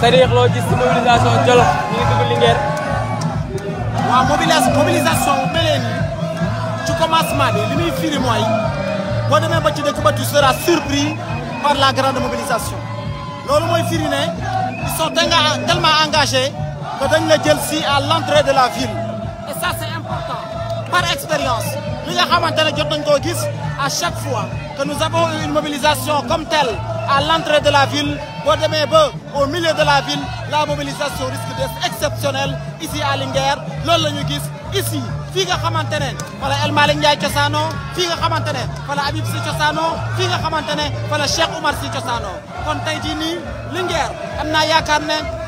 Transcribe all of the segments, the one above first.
c'est-à-dire mobilisation Jolof ñu ngi mobilisation. Linguère. mobilisation mobilisation bu mel nii ci commencement bi li muy firi mooy ba tu seras surpris par la grande mobilisation. Les gens firi ne ils sont tellement engagés que dañ la jël si à l'entrée de la ville. et ça c'est important par expérience nous nga à chaque fois que nous avons eu une mobilisation comme telle à l'entrée de la ville au milieu de la ville la mobilisation risque d'être exceptionnelle ici à Linger. loolu ici fii nga El Malingaï, Ndiaye cosaanoo fii nga xamante Habib Sy Cheikh Oumar Sy kon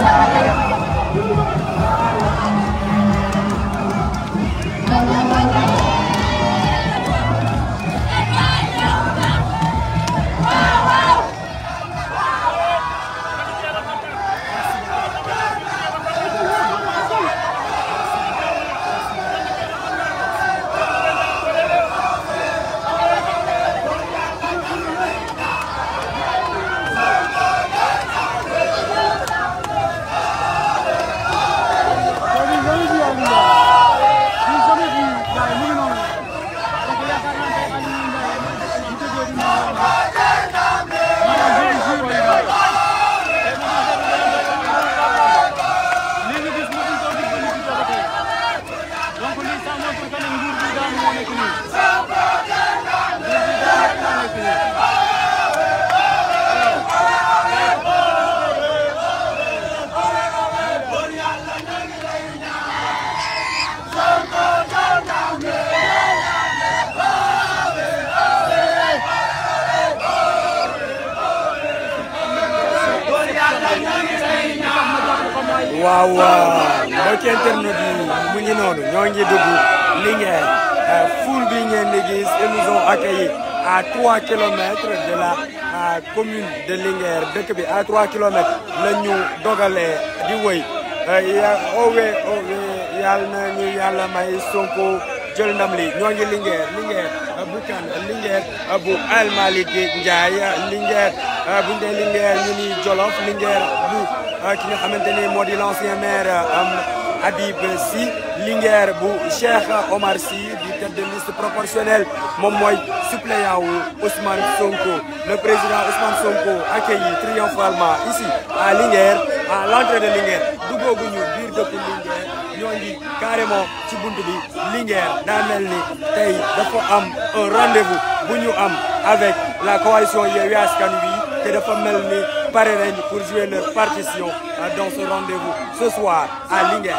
Thank you. waaw mbokk internet yi mu ngi noonu ñoo ngi dugg Linguère euh, foule bi ngeen di gis ils nous ont accueillis à de la euh, commune de Linguère dëkk bi à 3 kilomètres la ñu dogalee di wëy euh, ya yàlla na ñu yàlla may Sonko jël ndam li ñoo ngi Linguère bu kan Linguère bu El Malick Ndiaye Linguère bu ñu dee ñu ni Jolof Linguère bu qui euh, nga xamante ni l'ancien maire euh, Habib Sy Lingère bu Cheikh Omar Sy du tête de liste proportionnel, mon Moy suppléant Ousmane Sonko le président Ousmane Sonko accueilli triomphalement ici à Lingère, à l'entrée de Lingère, du biir de Linger, ñoo ngi carrément ci buntu bi de am un rendez-vous am avec la coalition Yewwi Kanubi, Wi te pour jouer leur partition dans ce rendez-vous ce soir à Lingen.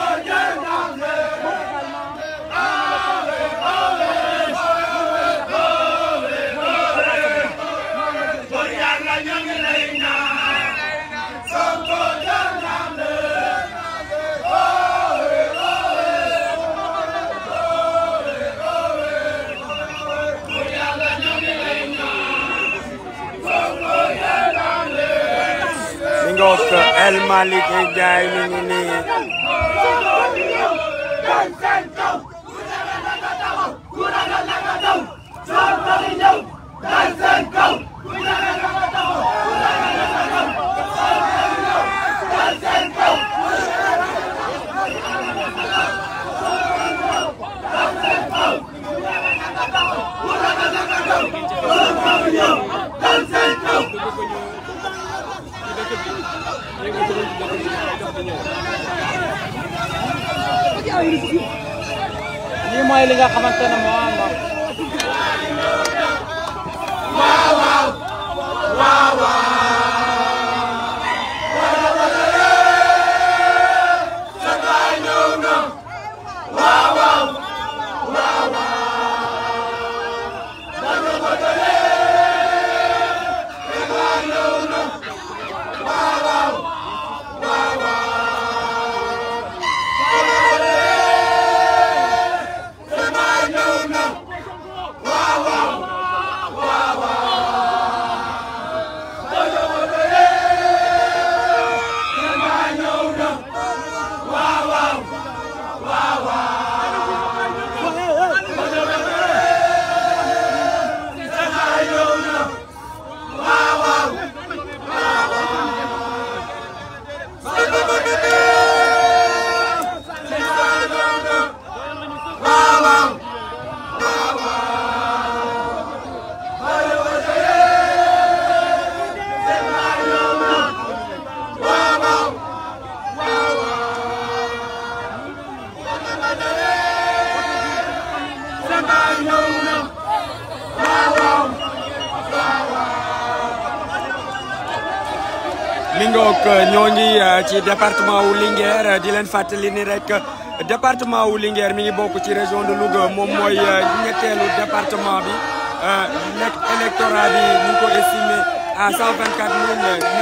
दोस्त एल मालिक जाए Yeah. Hindi mahilig ka kamanta ng mama. Wow, wow! Wow, wow! département où Lingère, di département où Lingère, mi ngi région de Louga mon moyen, euh, ñetteelu département bi euh, nekk électorat bi à 124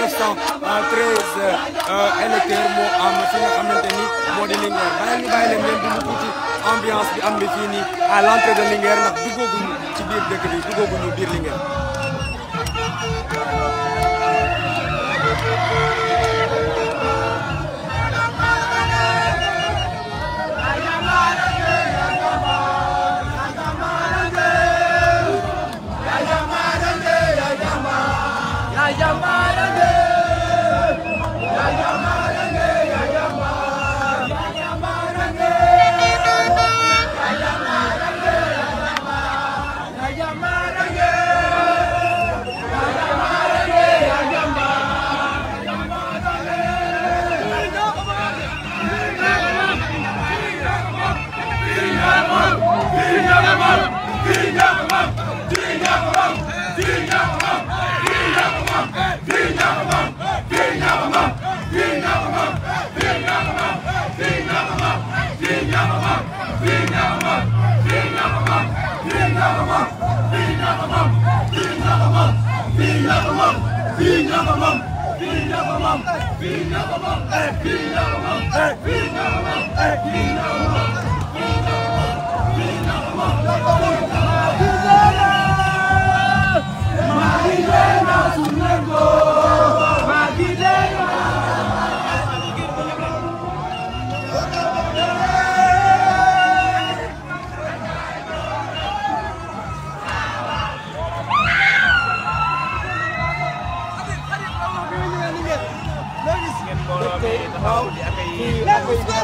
913 euh, électeurs Moi, am à nga xamante ni moo di Linguère bàyyi ñu ambiance bi est bi à l'entrée de Linguère ci bi Yamaya, Yamaya, babam, filha babam, é filha babam, é, é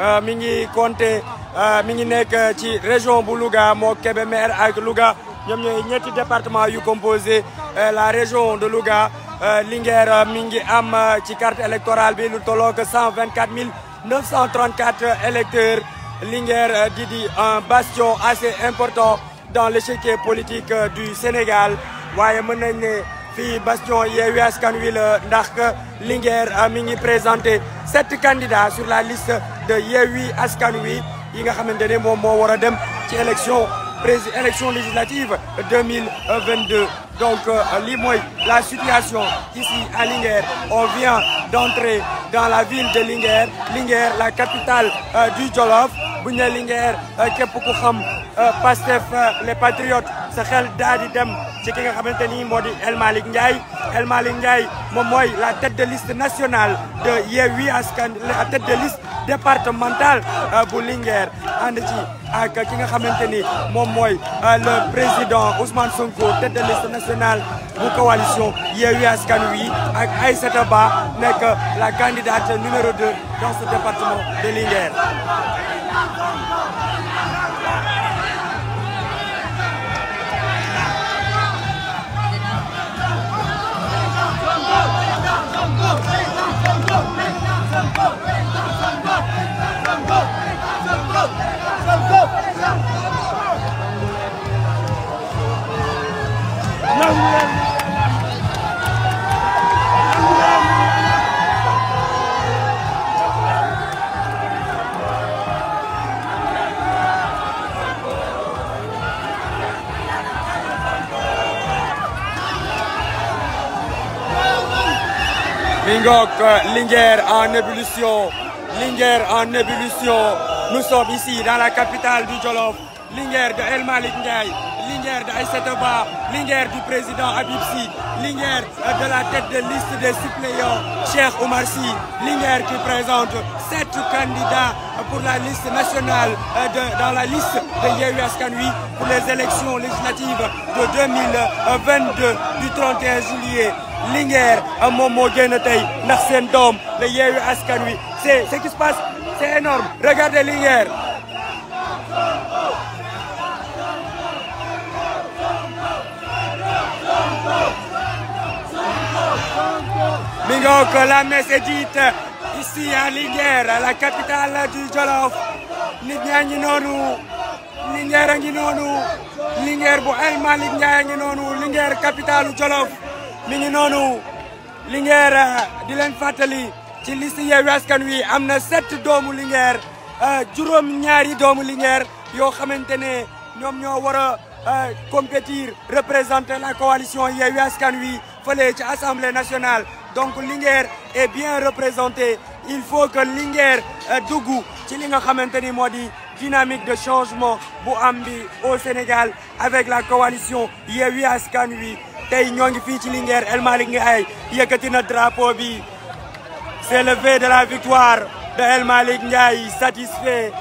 Euh, mingi comté, compté euh, nek région Bouloga, Louga kébé maire ak Louga ñoom département yu composé euh, la région de Louga L'Inger mingi carte électorale bi lu 124 934 électeurs L'Inger Didi, un bastion assez important dans l'échiquier politique du Sénégal bastion Yewwi Ascanoui, le Dak Linger, a ah, présenté sept candidats sur la liste de Yehuy Askanoui. Il yi nga a élection élection législative 2022 donc, euh, la situation ici à Linger, on vient d'entrer dans la ville de Linger, Linger, la capitale euh, du Jolof. Bounia Linger, euh, képp ku euh, Pastef les patriotes c'est quel Dadi di dem ci ki nga xamante ni El Malik Ndiaye El la tête de liste nationale de Yewi Askan la tête de liste départementale bu Linger, ànd ci ak ki nga moi, le président Ousmane Sonko tête de liste nationale pour de coalition Yewwi Askan Wi ak Aïssata n'est que la candidate numéro 2 dans ce département de Linguère Lingok, en ébullition Linguer en ébullition nous sommes ici dans la capitale du Jolof Linguer de El Malik Ndiaye Linguer de Aïssata du président Abipsi, Sy de la tête de liste des suppléants Cheikh Omar Sy Linguer qui présente sept candidats pour la liste nationale euh, dans la liste de Yéhu Askanui pour les élections législatives de 2022 du 31 juillet. Linger à Momo Genetei, Narsen Dom, le Askanui. C'est ce qui se passe, c'est énorme. Regardez Mais donc la messe est dite ici à Linger, à la capitale du Jolof. Nit Ninoru. Linguère a ngi linger Linguère bu El malik Ndiaye a ngi noonu Linguère capitalu Jolof mi ngi noonu di len fatali ci liste ye Askan Wi amna sept doomu euh juróom ñaari doomu Linguère yoo ñoo euh, compétir représenter la coalition ye Askan Wi fele ci Assemblée nationale donc linger est bien représenté il faut que linger euh, Dugu, ci li nga xamanteni modi dynamique de changement bu au Sénégal avec la coalition il Askan a eu c'est le V de la victoire de El Malik satisfait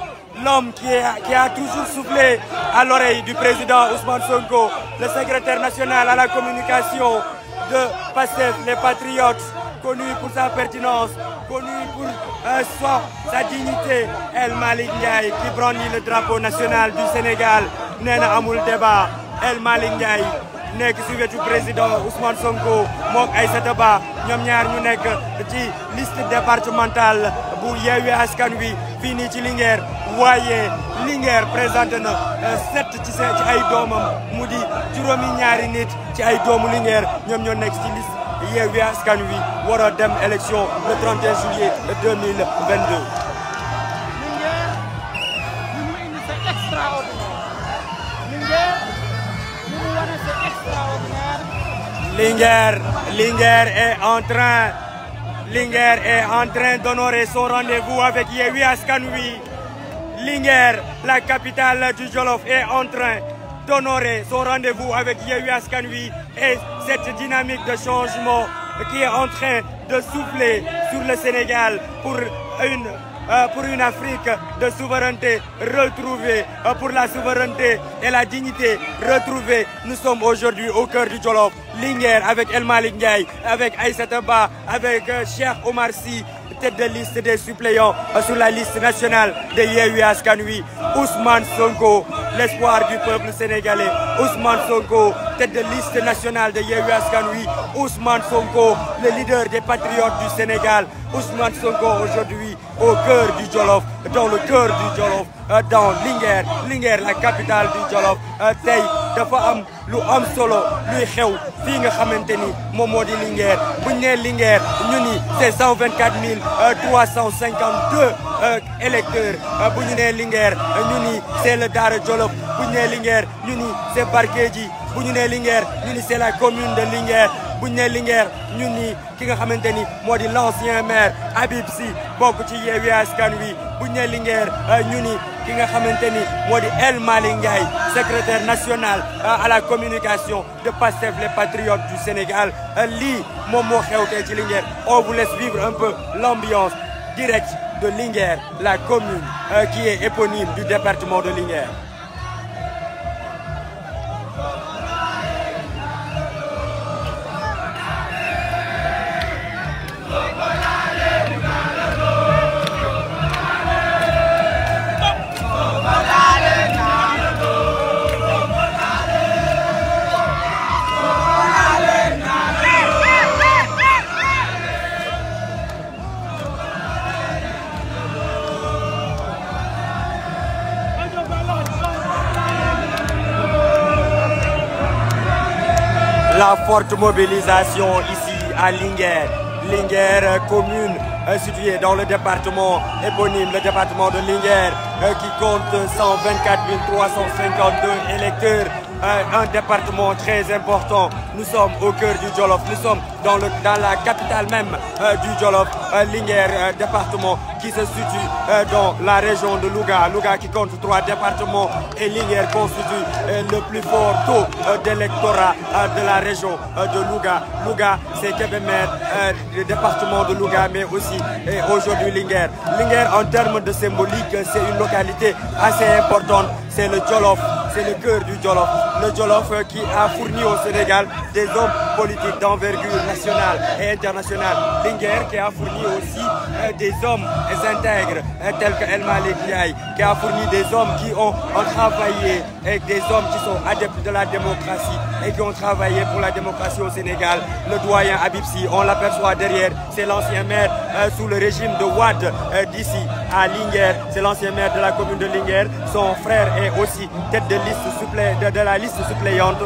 l'homme qui, a toujours soufflé à l'oreille du président Ousmane Sonko le secrétaire national à la communication de PASTEF les Patriotes connu pour sa pertinence, connu pour euh, sa dignité. El Malick Ndiaye qui brandit le drapeau national du Sénégal n'est pas amul débat El Malick Ndiaye nekk si du président Ousmane Sonko Mok Aïsataba, Ba ñoom ñaar liste départementale bu Yewwi Askan Wi fii nii ci Linguère 7 Linguère présenté Moudi, euh, sept ci ci ay doomam mu hier Askanui, World er dem élection le 31 juillet 2022. Linger, Linger est en train, Linger est en train d'honorer son rendez-vous avec Yewwi Askanui. Linger, la capitale du Jolof, est en train d'honorer son rendez-vous avec Yehui Askanwi et cette dynamique de changement qui est en train de souffler sur le Sénégal pour une euh, pour une Afrique de souveraineté retrouvée, euh, pour la souveraineté et la dignité retrouvée. Nous sommes aujourd'hui au cœur du Jolof. Linger avec El Malik avec Aïssata avec euh, Cheikh Omar Sy, tête de liste des suppléants euh, sur la liste nationale de Yehui Ousmane Sonko, l'espoir du peuple sénégalais, Ousmane Sonko, tête de liste nationale de Yehui Askanui, Ousmane Sonko, le leader des patriotes du Sénégal, Ousmane Sonko aujourd'hui au cœur du Jolof, dans le cœur du Jolof. Euh, dans Linger, Linger, la capitale du Jolof euh, Tay, dafa am lu am solo luy xew fi nga xamanteni mom modi moo di Linguère buñ c'est 124 352 euh, électeurs bu ñu nee c'est le dara Jolof bu ñu Linger, Linguère c'est Barkédji bu ñu nee c'est la commune de Linger buñ Linger, Linguère ñun ki nga l'ancien maire Habib Sy bokk ci Yewwi Askan Wi buñ ne Linguère euh, ni ki El Malick secrétaire national euh, à la communication de Pastef les patriotes du Sénégal euh, Li, Momo, moo xewtee ci on vous laisse vivre un peu l'ambiance directe de Linger, la commune qui est éponyme du département de Linger. forte mobilisation ici à Linger. Linger, commune située dans le département éponyme, le département de Linger, euh, qui compte 124 352 électeurs un, département très important. Nous sommes au cœur du Jolof, nous sommes dans, le, dans la capitale même euh, du Jolof, euh, Linger, euh, département qui se situe dans la région de Louga. Louga qui compte trois départements et Linger constitue le plus fort taux d'électorat de la région de Louga. Louga, c'est Kébémer, le département de Louga, mais aussi aujourd'hui Linger. Linger, en termes de symbolique, c'est une localité assez importante, c'est le Jolof. c'est le cœur du Jolof. le Jolof qui a fourni au Sénégal des hommes politiques d'envergure nationale et internationale. Linger qui a fourni aussi euh, des hommes intègres euh, tels que Elma Lekiaï, qui a fourni des hommes qui ont, travaillé et des hommes qui sont adeptes de la démocratie et qui ont travaillé pour la démocratie au Sénégal. Le doyen Abibsi, on l'aperçoit derrière, c'est l'ancien maire euh, sous le régime de Ouad d'ici à Linger, c'est l'ancien maire de la commune de Linger. Son frère est aussi tête de liste supplé de la liste liste suppléante,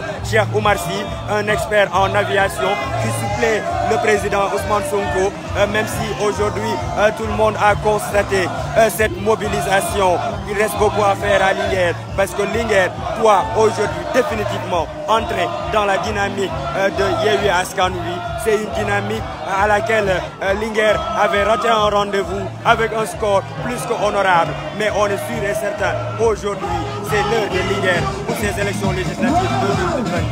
Omar Sy un expert en aviation qui supplée le président Ousmane Sonko, euh, même si aujourd'hui euh, tout le monde a constaté euh, cette mobilisation. Il reste beaucoup à faire à Linger parce que Linger doit aujourd'hui définitivement entrer dans la dynamique de Yehui Askanoui. C'est une dynamique à laquelle Linger avait raté un rendez-vous avec un score plus qu'honorable. Mais on est sûr et certain aujourd'hui c'est l'heure de leaders pour ces élections législatives 2022.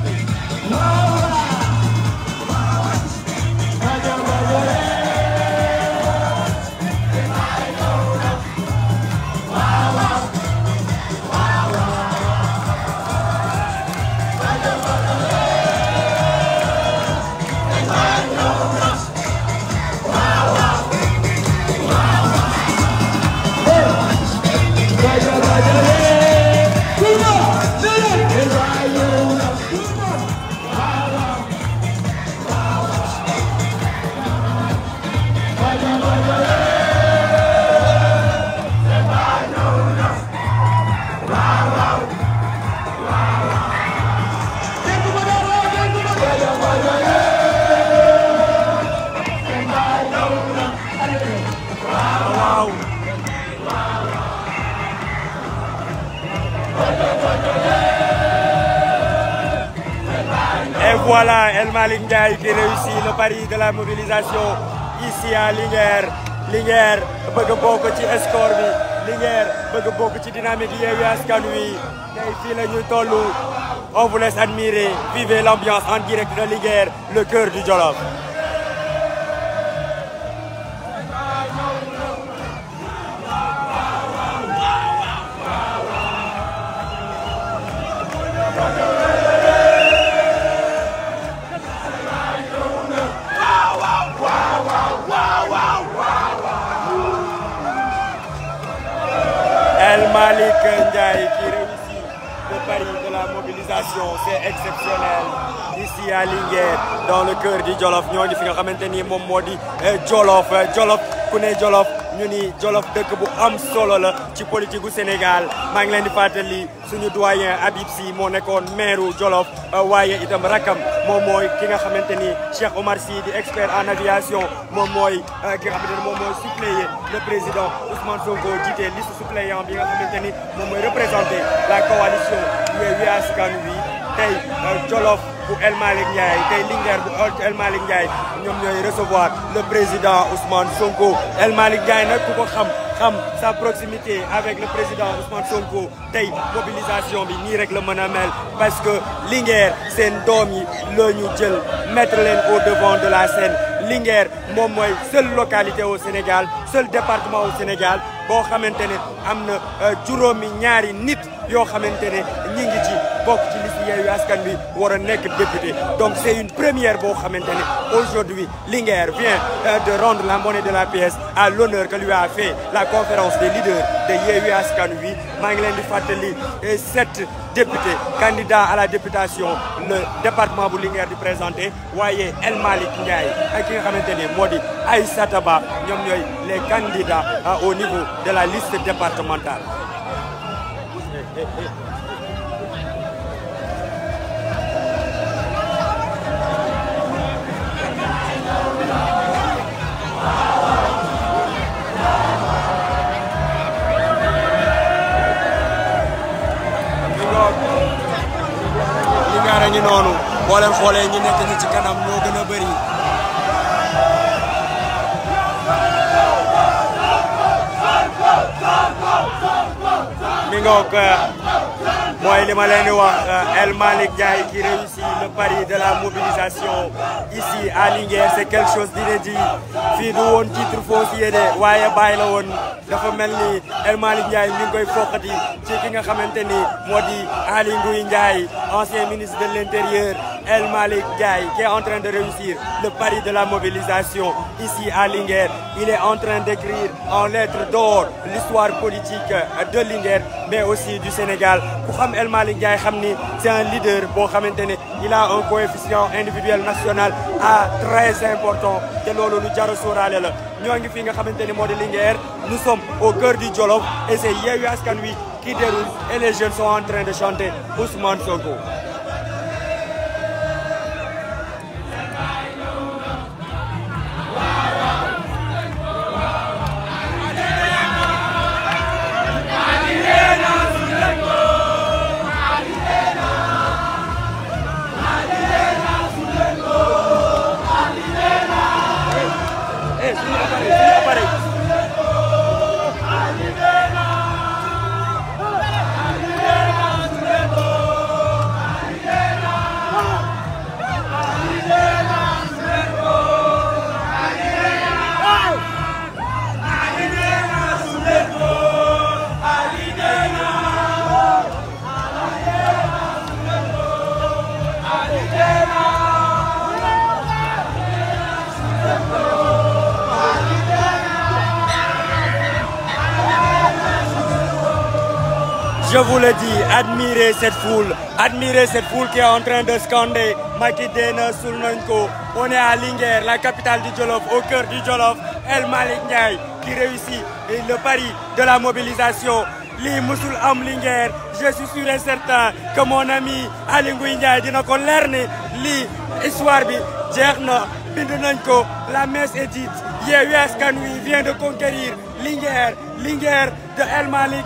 voilà El Malinga qui réussit le pari de la mobilisation ici à Liguerre. Liguerre, bëgg que ci score bi Linguère bëgg ci dynamique on vous laisse admirer vivez l'ambiance en direct de Liguerre, le cœur du Jolof di Jolof ñoo ngi fi nga xamante ni moom moo di eh, Jolof eh, Jolof ku ne Jolof ñu ni Jolof dëkk bu am solo la ci politique du Sénégal maa ngi leen di fàttali suñu doyen Habib Sy moo nekkoon maire Jolof eh, waaye itam rakam moom mooy ki nga xamante ni Cheikh Omar Sy di expert en aviation moom mooy ki nga xamante ni moom mooy suppléer le président Ousmane Sonko jiite liste suppléant bi nga xamante ni moom mooy représenter la coalition Yewwi Askan Wi tey Jolof pour El Malik Ndiaye tay linger bu El Malik Ndiaye ñom recevoir le président Ousmane Sonko El Malik Ndiaye nak ku ko xam xam sa proximité avec le président Ousmane Sonko tay mobilisation bi ni rek le mel parce que l'Inger, c'est un yi le ñu jël mettre len au devant de la scène L'Inger, mom moy seule localité au Sénégal seul département au Sénégal bo xamante amna am euh, ñaari nit donc c'est une première pour xamante aujourd'hui Linger vient euh, de rendre la monnaie de la pièce à l'honneur que lui a fait la conférence des leaders de l'Inger Askanwi, Manglendi euh, sept députés candidats à la députation le département bu de présenté El Malik Ndiaye ki les candidats euh, au niveau de la liste départementale ñu noonu boo leen xoolee ñi nekk nanti ci kanam ñoo gën a donc moi eh, mooy li di eh, El Malik qui réussit le pari de la mobilisation ici à Linguère c'est quelque chose d'inédit Fidou on woon titre foncier de waaye bàyyi bayla won dafa melni ni El Malik Ndiaye mi ngi koy foqati ci ki nga xamanteni modi Ali Ngui ancien ministre de l'intérieur El Malik qui est en train de réussir le pari de la mobilisation ici à Linger. Il est en train d'écrire en lettres d'or l'histoire politique de Linger, mais aussi du Sénégal. El Malik Gaï, c'est un leader, pour Khamenei. il a un coefficient individuel national à très important. Nous sommes au cœur du dialogue et c'est Yehuas qui déroule et les jeunes sont en train de chanter Ousmane Sogo. je vous le dis, admirez cette foule, admirez cette foule qui est en train de scander Makidena Nanko. On est à Linger, la capitale du Jolof, au cœur du Jolof, El Malik Ndiaye qui réussit le pari de la mobilisation. Li musul am je suis sûr et certain que mon ami Aly Ngouille Ndiaye qu'on l'erne. Li soir, histoire la messe est dite Yewwi quand nous vient de conquérir Linger, Linger de El Malik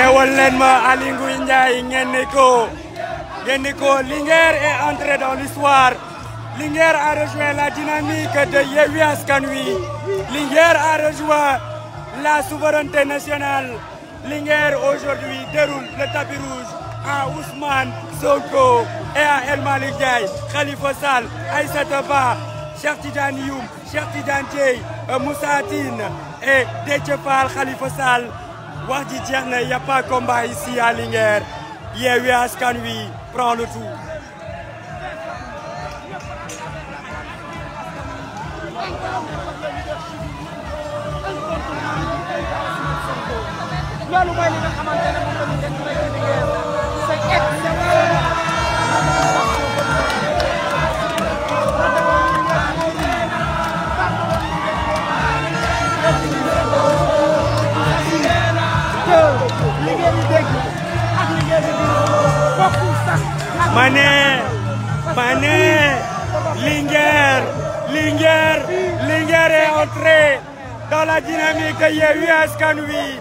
yeewal est entré dans l'histoire lingère a rejoint la dynamique de Yewwi Askanui. L'Inger a rejoint la souveraineté nationale lingère aujourd'hui déroule le tapis rouge à Ousmane Sonko et à El Malick Khalifa Sal, Aïssata Ba Cheikh Youm Cheikh Moussa et Dechefal Khalifa Sal. wax ji jeex na y' a pas combat ici à Linguère Yewwi Askan Wi prend le tout. Mané Mané Linger, Linger, Linger est entré dans la dynamique Yé à Wi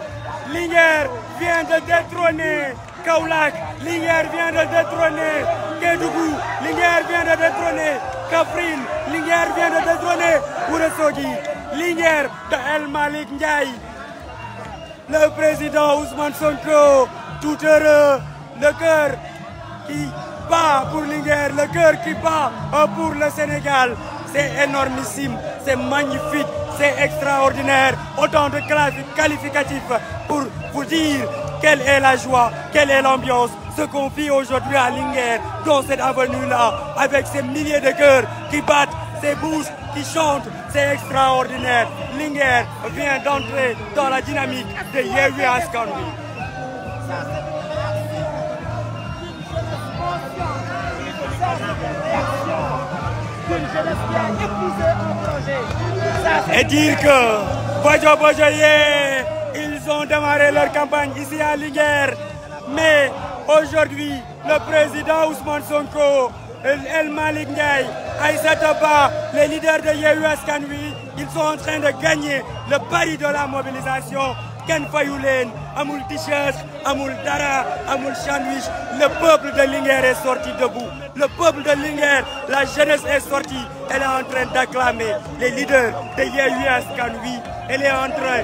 Linger vient de détrôner Kaulak. Linger vient de détrôner Kédougou Linger vient de détrôner Kafrin, Linger vient de détrôner Ouressogi, Linger de El Malik Ndiaye le président Ousmane Sonko tout heureux le cœur qui pour l'Inguer, le cœur qui bat euh, pour le Sénégal. C'est énormissime, c'est magnifique, c'est extraordinaire. Autant de classes qualificatives pour vous dire quelle est la joie, quelle est l'ambiance, ce qu'on vit aujourd'hui à Linger, dans cette avenue-là, avec ces milliers de cœurs qui battent, ces bouches qui chantent, c'est extraordinaire. Linger vient d'entrer dans la dynamique de Yewi Askanoui. Et dire que Bojo bonjour, ils ont démarré leur campagne ici à Liguerre. Mais aujourd'hui, le président Ousmane Sonko, El Malik Ndiaye, Aïssa les leaders de Yehu Askanui, ils sont en train de gagner le pari de la mobilisation le peuple de Linger est sorti debout le peuple de Linger, la jeunesse est sortie elle est en train d'acclamer les leaders de Yewwi kanwi elle est en train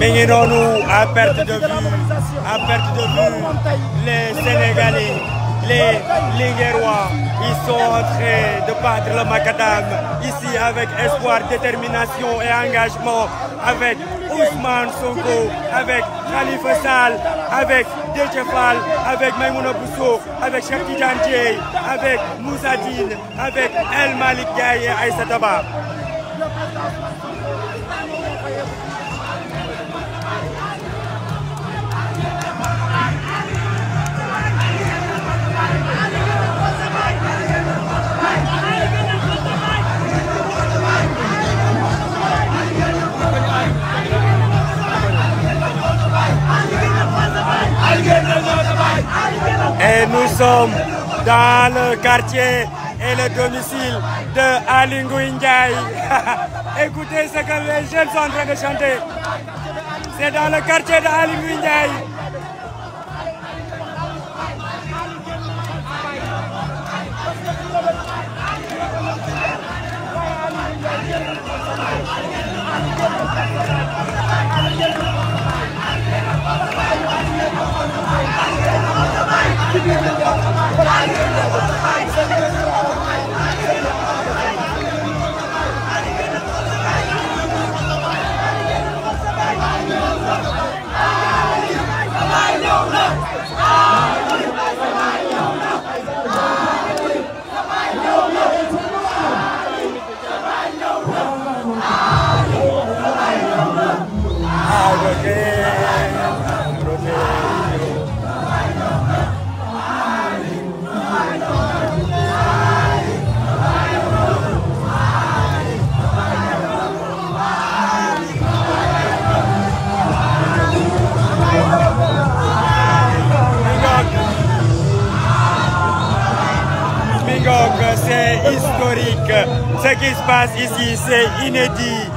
Mais nous à perte de vue à perte de vue les Sénégalais les Linguérois ils sont en train de battre le macadam ici avec espoir détermination et engagement avec Ousmane Sonko avec Khalifa Sall avec Dejefal, avec Maïmouna Bousso avec Cheikh Tidiane avec Mousadine, avec El Malik Gaye et Aïssa Et nous sommes dans le quartier et le domicile de Alingou Écoutez ce que les jeunes sont en train de chanter. C'est dans le quartier de Alingou ci biir la bokk Ce qui se passe ici, c'est inédit.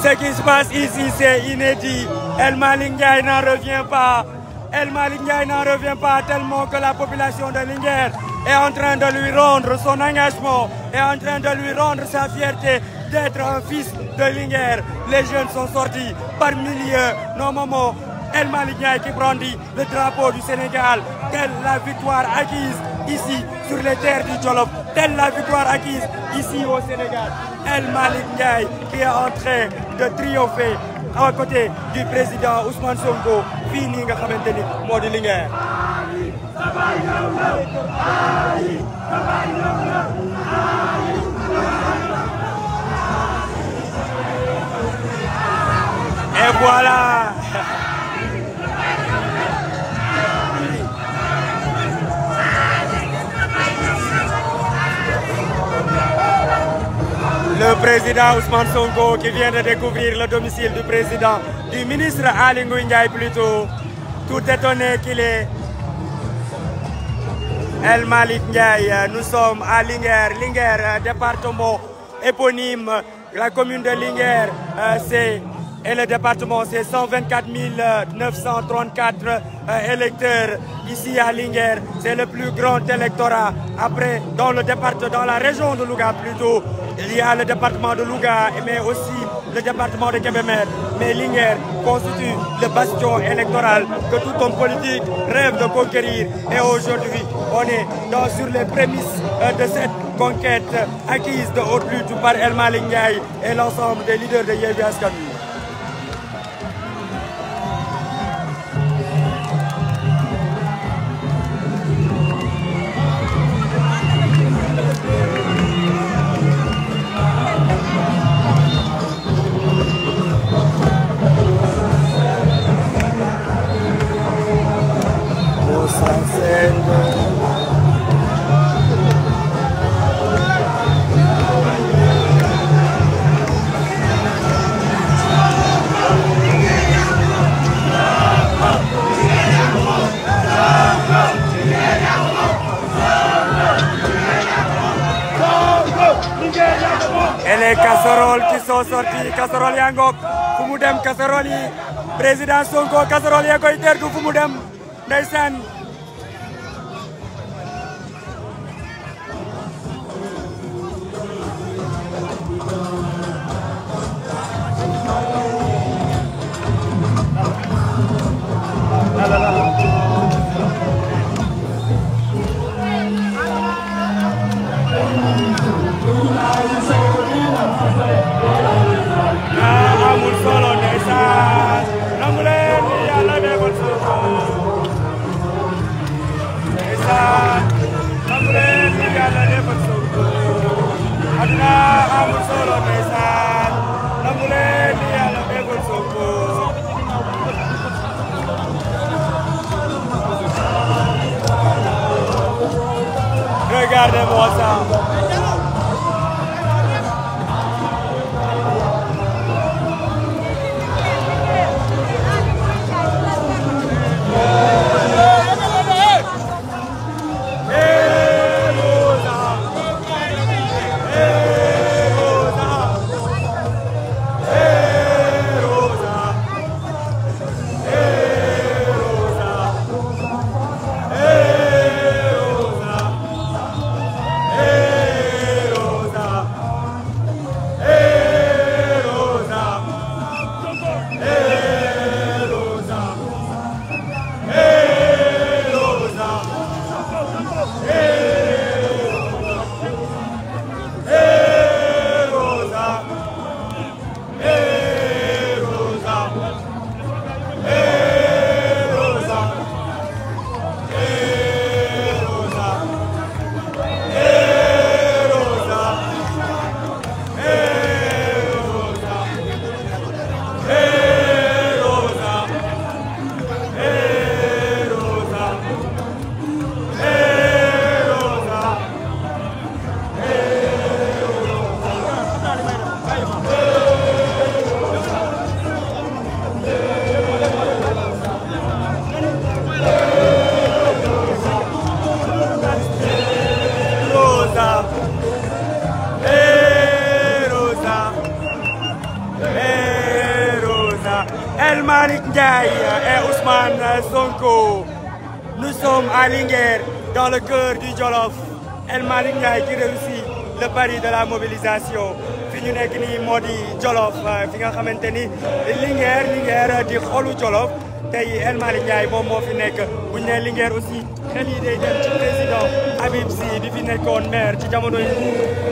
Ce qui se passe ici, c'est inédit. El Malingay n'en revient pas. El Malingay n'en revient pas tellement que la population de Linger est en train de lui rendre son engagement, est en train de lui rendre sa fierté d'être un fils de Linger. Les jeunes sont sortis parmi milliers, nos moments El Malingay qui brandit le drapeau du Sénégal. Quelle la victoire acquise ici sur les terres du Tcholop. Telle la victoire acquise ici au Sénégal. El Malik Ndiaye qui est en train de triompher à côté du président Ousmane Sonko Fini comme nga xamanteni modi Et voilà. le président Ousmane Sonko qui vient de découvrir le domicile du président, du ministre Ali Ndiaye plutôt, tout étonné qu'il est El Malik Nous sommes à Linger, Linger, département éponyme, la commune de Linger, euh, c'est et le département, c'est 124 934 euh, électeurs ici à Linger. C'est le plus grand électorat. Après, dans le département, dans la région de Louga plutôt, il y a le département de Louga, mais aussi le département de Kébémer. Mais Linger constitue le bastion électoral que tout homme politique rêve de conquérir. Et aujourd'hui, on est dans, sur les prémices euh, de cette conquête acquise de haute lutte par Elma Lingay et l'ensemble des leaders de Yévi casserole yaa ngoog fu mu dem casserole yi président Sonko casserole yaa koy tergu fu mu dem ndeysaan कर रहे हैं मौसम mobilisation fi ñu nekk ni moo di Jolof fi nga xamante ni Linguère Linguère di xolu Jolof tey El mali Ndiaye moom moo fi nekk bu ñu nee Linguère aussi xel yi day dem ci président Habib si di fi nekkoon maire ci jamono yi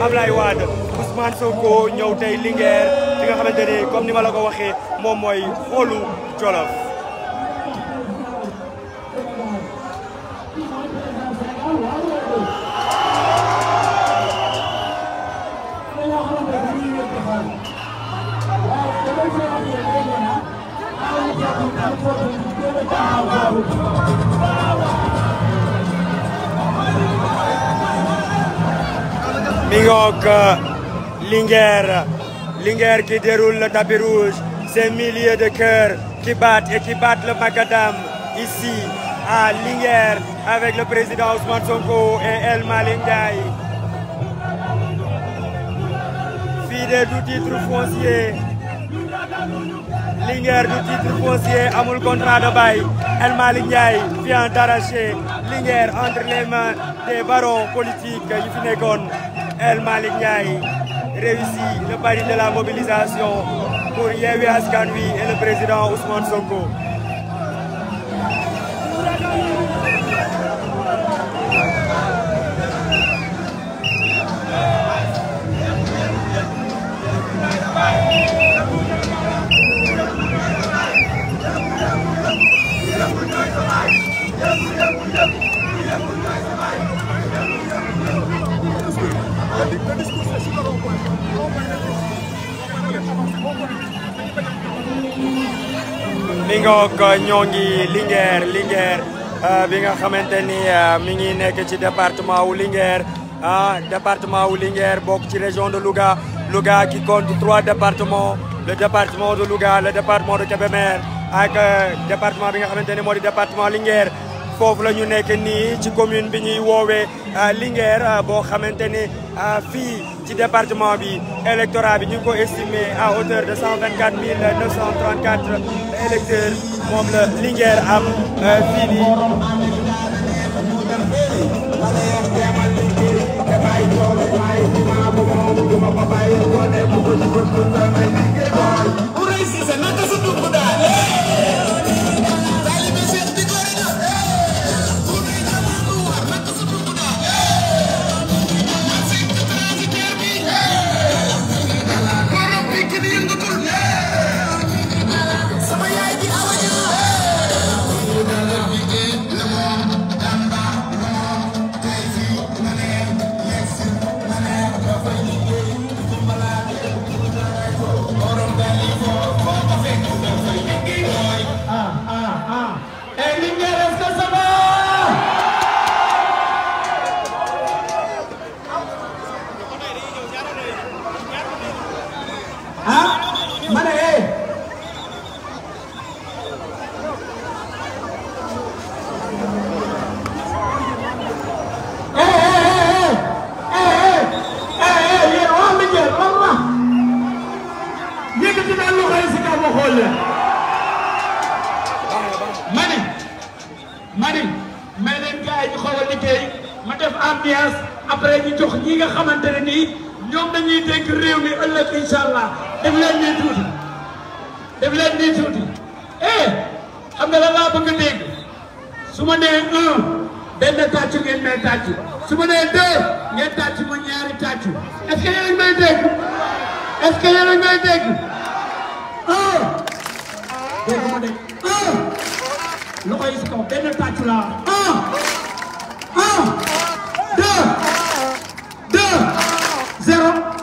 ablay Wade Ousmane soko ñëw tey Linguère fi nga xamante ni comme ni ma la ko waxee moom mooy xolu Jolof. donc Linger, Linger qui déroule le tapis rouge, ces milliers de cœurs qui battent et qui battent le macadam ici à Linger, avec le président Ousmane Sonko et El Malingaï. Fidèle du titre foncier, Linger du titre foncier, Amoul contrat de bail, El Malingaï vient d'arracher Linger entre les mains des barons politiques Yufinekon. El Malik réussit le pari de la mobilisation pour Yewwi Askanui et le président Ousmane Sonko. mi ngoog ñoo ngi Linguère Linguère ah, bi nga xamante ni ah, mi ngi nekk ci département wu Linguère ah département wu Linguère bokk ci région de Louga Louga qui compte trois départements le département de Louga le département de Kébémer ak euh, département bi nga xamante ni moo di département Linguère foofu la ñu nekk nii ci commune bi ñuy woowee ah, Linguère boo xamante ni fi département bi électorat bi estimé à hauteur de 124 934 électeurs comme le ambiance après ñu jox ñi nga xamante ne nii ñoom dañuy dégg réew mi ëllëg incha allah def leen nii tuuti def leen nii tuuti eh xam nga lan laa bëgg su ma nee un benn tàccu ngeen may tàccu su ma nee deux ngeen tàccu ma ñaari tàccu est-ce que yéen may dégg est-ce que yi si kaw benn tàccu laa zero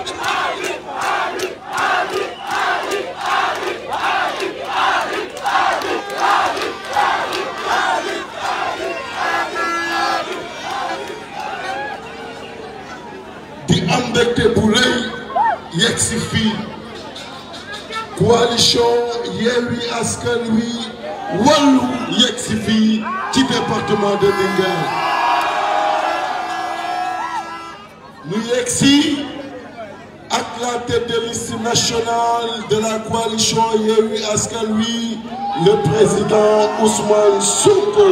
mbégte bu ci département de Linguère ñu yegg si ak la Wi le président Ousmane Sonko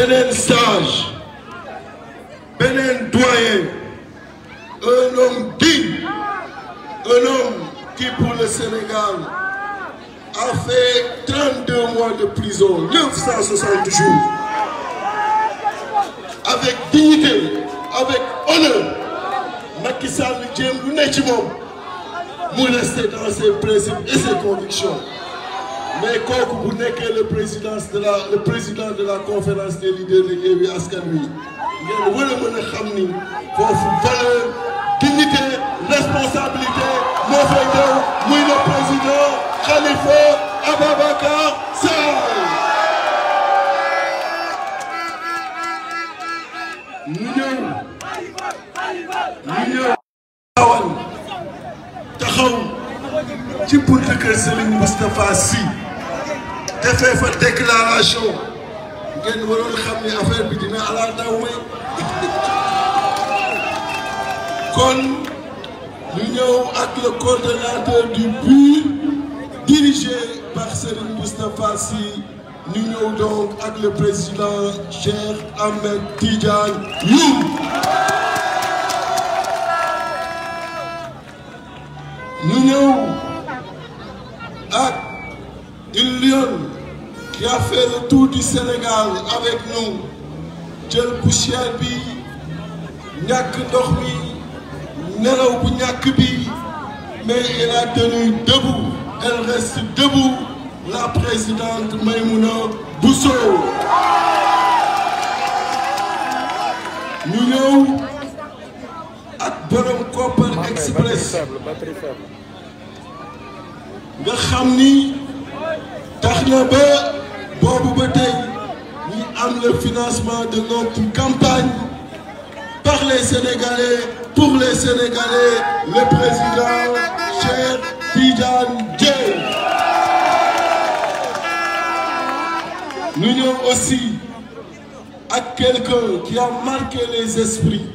Bénin sage Bénin doyen un homme digne un homme qui pour le Sénégal a fait 32 mois de prison 960 jours avec dignité avec honneur Macky Sall jéem nous dans ses principes et ses convictions mais quand bu n'êtes le le président de la conférence des leaders de Askami, a dignité responsabilité mauvaise le président Khalifa Ababakar, nous nous, nous ci buntu kër Serigne Moustapha Sy defee fa déclaration ngeen waroon xamni affaire bi dina ala daw may kon ñu ñëw ak le coordonnateur du PUR dirigé par Serigne Moustapha Sy ñu ñëw donc ak le président Cheikh Ahmed Tidiane Youm ñu ñëw ak une lionne qui a fait le tour du Sénégal avec nous je poussière bi Dormi, ndox mi bu pas bi mais elle a tenu debout elle reste debout la présidente Maïmouna Bousso Nous ñëw ak borom Copper Express. Nous xamni le financement de notre campagne par les Sénégalais pour les Sénégalais le président cher Tidiane Dièye Nous avons aussi à quelqu'un qui a marqué les esprits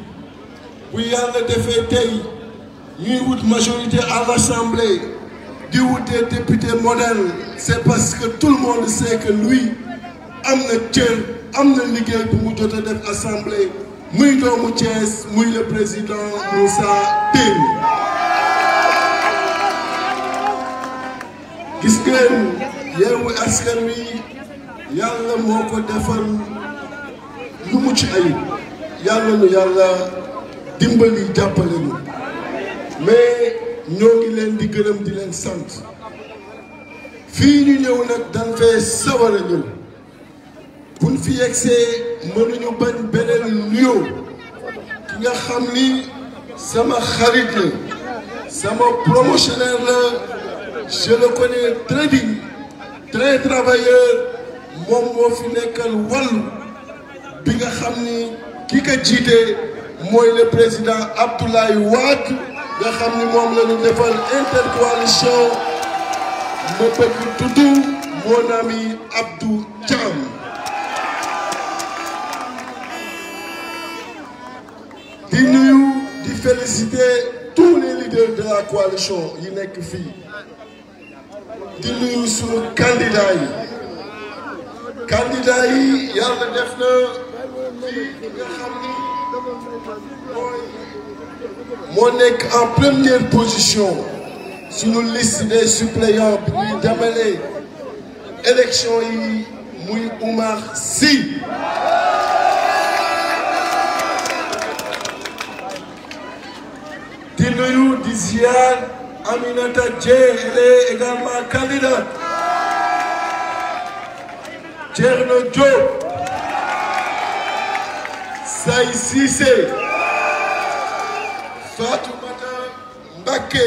oui yàlla defee tay wut majorité à l'Assemblée di wutee député modèle c'est parce que tout le monde sait que lui am na cër am na liggéey bu mu jot a def assemblée muy doomu Thiès muy le président Moussa Tine gis ngeen Yewwi Askan Wi yàlla moo ko defal lu mucc ayib yàlla nu yàlla dimbali jàppale nu mais ñoo ngi leen di gërëm di leen sant fii ñu ñëw nag dañ fee sawar a ñëw buñ fi yegsee mënuñu bañ beneen nuyoo ki nga xam ni sama xarit la sama promotionnaire la je le connais très digne très moom moo fi nekkal wàllu bi nga xam ni ki ko jiite mooy le président Abdoulaye Wade nga xam ni moom la ñu defal intercoalition ma bëgg tudd mon ami Abdou Cam. di nuyu di féliciter tous les leaders de la coalition yi nekk fii di nuyu suñu candidat yi candidat yi yàlla def na fii nga xam ni je en première position sur nos liste des suppléants pour l'élection élection Oumar si. Dinoyou, Dizian, Aminata Djer, elle est également candidat. Thierno ça Fatoumata Mbacké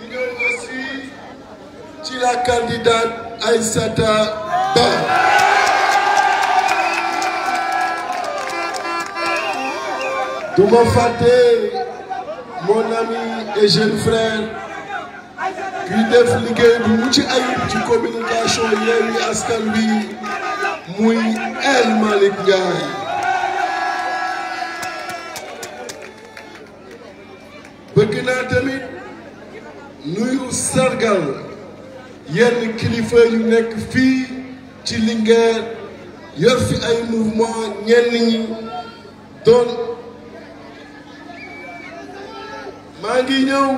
ñu ñëw aussi ci la candidate Aïssata Ba du ma fàtte mon ami et jeune frère kuy def liggéey bu mucc ayib ci communication Yewwi Askan Wi muy El Malick sargal yenn kilifa yu nekk fii ci Linguère yor fi ay mouvement ñenn ñi doon maa ngi ñëw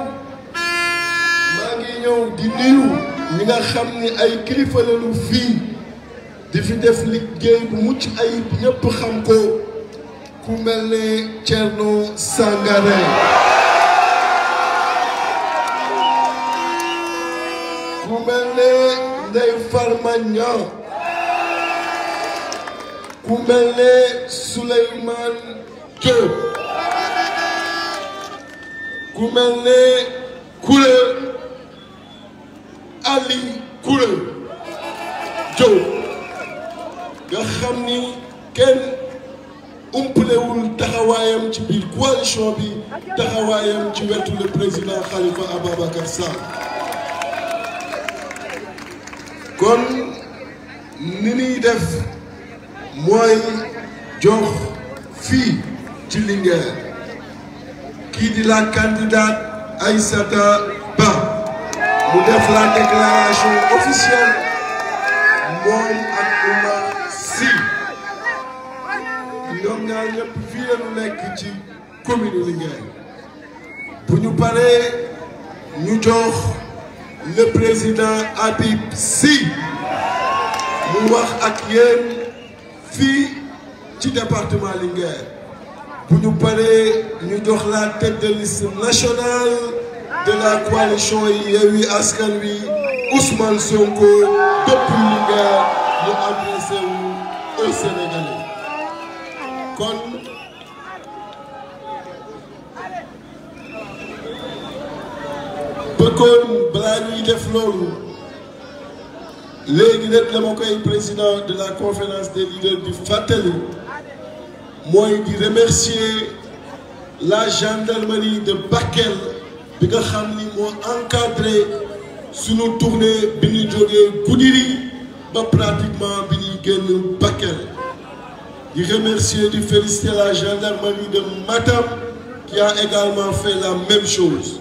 maa ngi ñëw di nuyu ñi nga xam ni ay kilifa lañu fii di fi def liggéey bu mucc ayib ñëpp xam ko ku mel ne Thierno Sangaré Farmagnan ku Suleiman, ne Souleymane Koule Ali Koule Diop nga Ken. Ken, kenn umpalewul taxawaayam ci biir coalition bi le président Khalifa Ababa Sall kon ni ñuy def mooy jox fii ci Linguère kii di la candidate Aïssata Ba mu def la déclaration officielle moom ak Ouma Sy ñoom ñaar ñëpp fii la ñu nekk ci commune Linguère bu ñu paree ñu jox. le président Habib Si, Nous wax ak du département Linguère Pour nous parler, nous avons la tête de liste nationale de la coalition Yewwi Askan Ousmane Sonko depuis Linguère nous adressé au Sénégalais bëggoon balaa ñuy def loolu léegi rek la président de la conférence des leaders du fàttali mooy di remercier la gendarmerie de Bakel bi nga xam ni moo encadré suñu tournée bi ñu jógee Goudiri ba pratiquement bi ñuy génn Bakel di remercier di féliciter la gendarmerie de Matam qui a également fait la même chose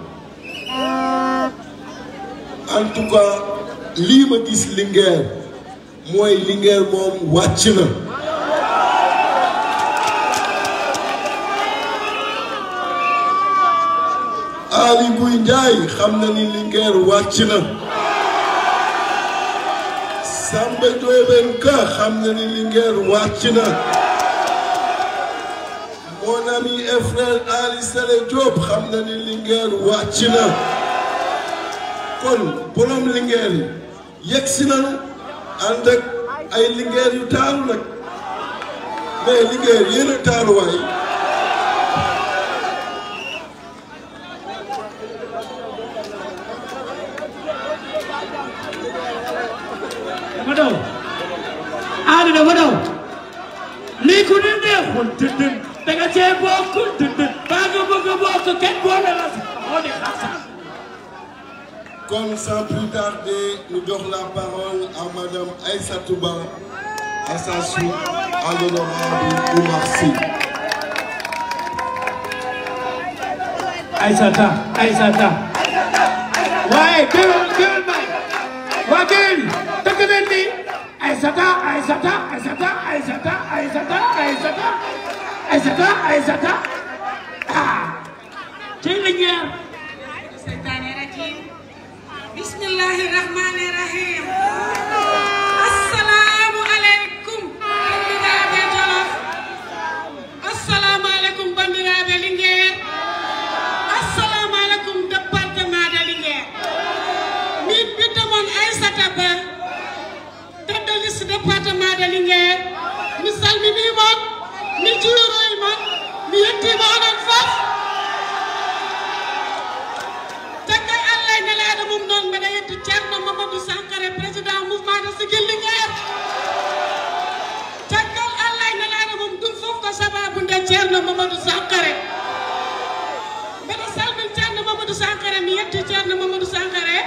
en tout cas lii ma gis Linguère mooy Linguère moom wàcc na Ali Guy Ndiaye xam na ni Linguère wàcc na Samba Ndiobène xam na ni Linguère wàcc na mon ami et frère Ali Sele Diop xam na ni Linguère wàcc na kon borom lingeer yi yegg si ay lingeer yu taaru nag mais lingeer yéen a taaru waay Comme sans plus tarder, nous donnons la parole à Madame Aïssa Touba, à sa à l'honorable Oumar Sy. Aïssata, Aïssata. Ouais, T'as que Aïssata, Ah. Bismillahirrahmanirrahim. Assalamualaikum bandiraɓe jolof assalamu aleykum bandiraɓe Linguére assalamu aleykum département de Linguére min ɓiɗɗo moon Aissata Ba tedɗo liste département de Linguére mi salminimon mi juuroymon mi yettimon on fof doon médaillé du Thierno Mamadou Sankharé président mouvement de Siggil Linguère caggal Allah e nelaɗo mum ɗum fof ko sababu nde Thierno Mamadou Sankharé mbeɗa salmin Thierno Mamadou Sankharé mi yetti Thierno Mamadou Sankharé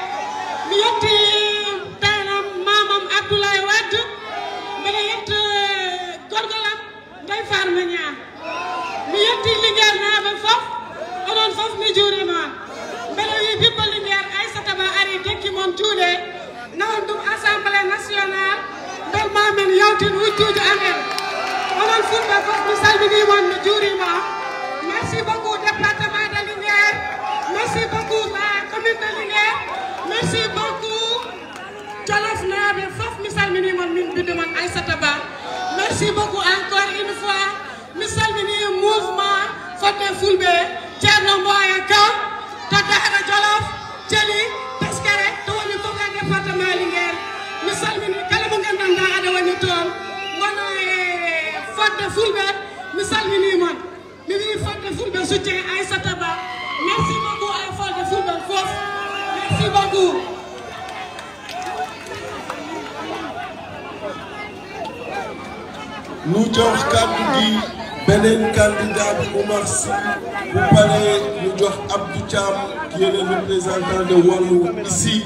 fulɓe ceerno mboya ka todda hara jolof jeli teskere to woni fof e département liguére mi salmini kala mo gandanɗa aɗa woni toon gona e fodde fulɓe mi salminimon mi wi fodde fulɓe soutien aissata ba merci beaucoup à fodde fulɓe foof merci beaucoup Nous t'offrons benen candidat Omar Sy bu paree ñu jox Abdou qui est le représentant de Wallu ici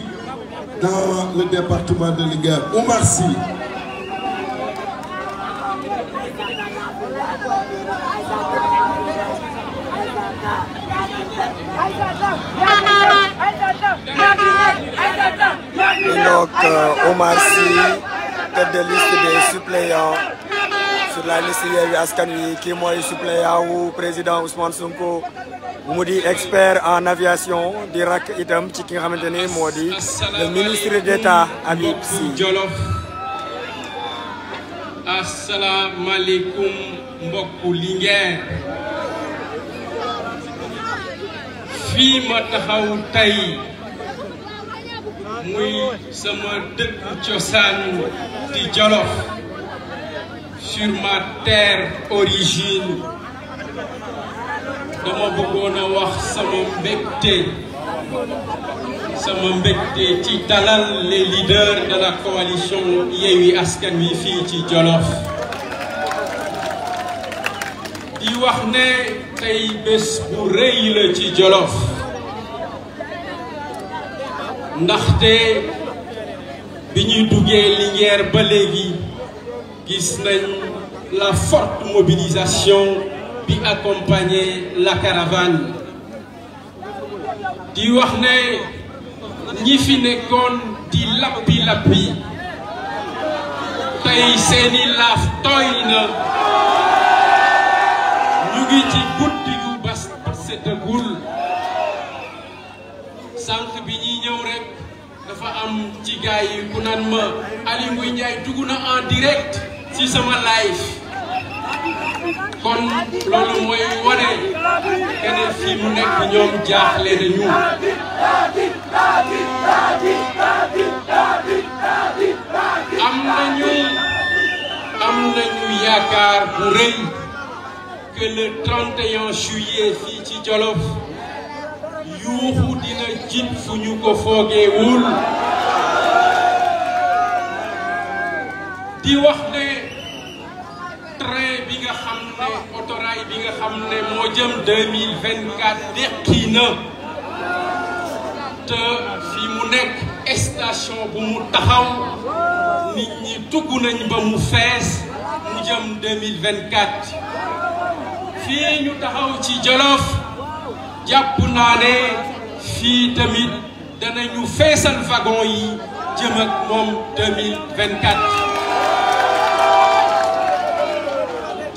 dans le département de Linguère Omar Sy donc euh, Omar Sy tête de liste des suppléants la liste Yewwi askani qui moi mooy suppléant président Ousmane Sonko mu expert en aviation di rakk itam ci ki nga le ministre d'État Habib Sy Assalamu alaikum, mbokku Linguère fii ma taxaw tey muy sama sur ma terre origine dama bëggoon a wax sama mbégte sama mbégte ci dalal les leaders de la coalition Yewwi Askan Wi fii ci Jolof di wax ne tey bes bu rëy ci Jolof ndaxte bi ñuy duggee Linguère ba léegi gis la forte mobilisation bi accompagner la caravane di wax né ñi fi nekkoon di lapi. lapi. tey seeni laaf tooy na vous ngi ci guddi gu bas setagul sànq bi ñuy ñëw rek dafa am ci gaay yi ku naan ma Aly en direct ci sama live kon loolu mooy wane que ne nekk ñoom jaaxle nañu. am nañu yaakaar bu rëy que le 31 juillet fii ci Jolof yuuxu dina jib fu ñu ko foogeewul di wax ne. ne bi nga xam moo jëm 2024 deqi na te fi mu nekk station bu mu taxaw nit ñi tugg nañ ba mu fees mu jëm 2024 fii ñu taxaw ci Jolof jàpp naa ne fii tamit danañu feesal wagon yi jëm ak moom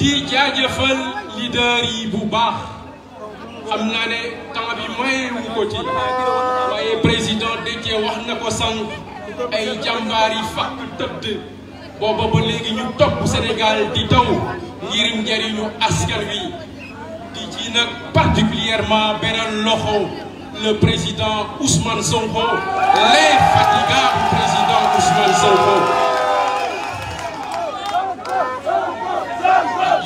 di jaajëfal leader yi bu baax ne temps bi mayewu ko ci président wax ay Sénégal di taw ngir askan wi di particulièrement benen loxo le président Ousmane Sonko l'infatigable président Ousmane Sonko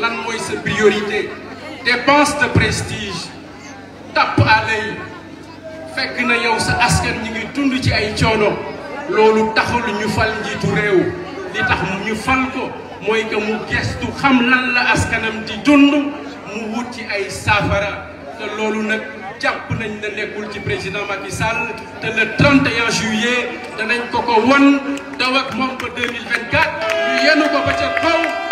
lan moy sa priorité dépense de prestige tapes à l'œil na yow sa askan ñi ngi ci ay lolu taxul ñu fal rew li tax ñu fal ko que mu gestu xam lan la askanam di dund mu wut ay safara te lolu nak japp nañ ne ci président Macky te le 31 juillet danañ ko ko won daw ak mom ko 2024 ñu yenu ko ba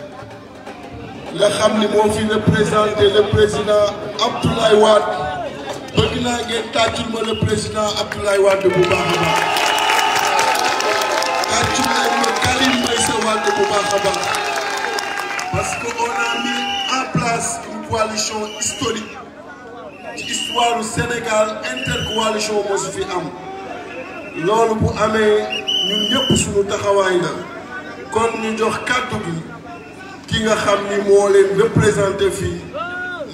Le xam ni le président Abdoulaye Wade bëgg naa ngeen tàccul le président Abdoulaye Wade bu baax a baax tàccul leen ma Karim Wade bu parce que on a mis en place une coalition historique ci histoire du Sénégal intercoalition moo su fi am loolu bu amee ñun ñëpp suñu taxawaay la kon ñu jox kàddu gi. Qui nga xamni mo moo représenter fi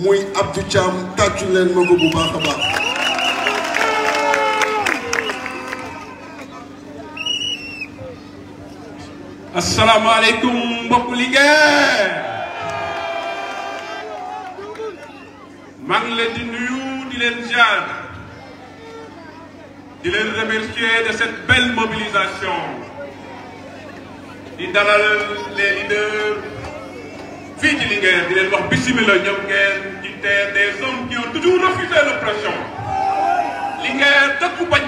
muy Abdou Cham, tàccu len mako bu baax a baax. asalaamaaleykum mbokk liggéey maa mang leen di nuyu di len jaar di remercier de cette belle mobilisation di dalal les leaders fii de Linguère il leen wax plus de ngeen des hommes qui ont toujours refusé l'oppression L'ingénieur la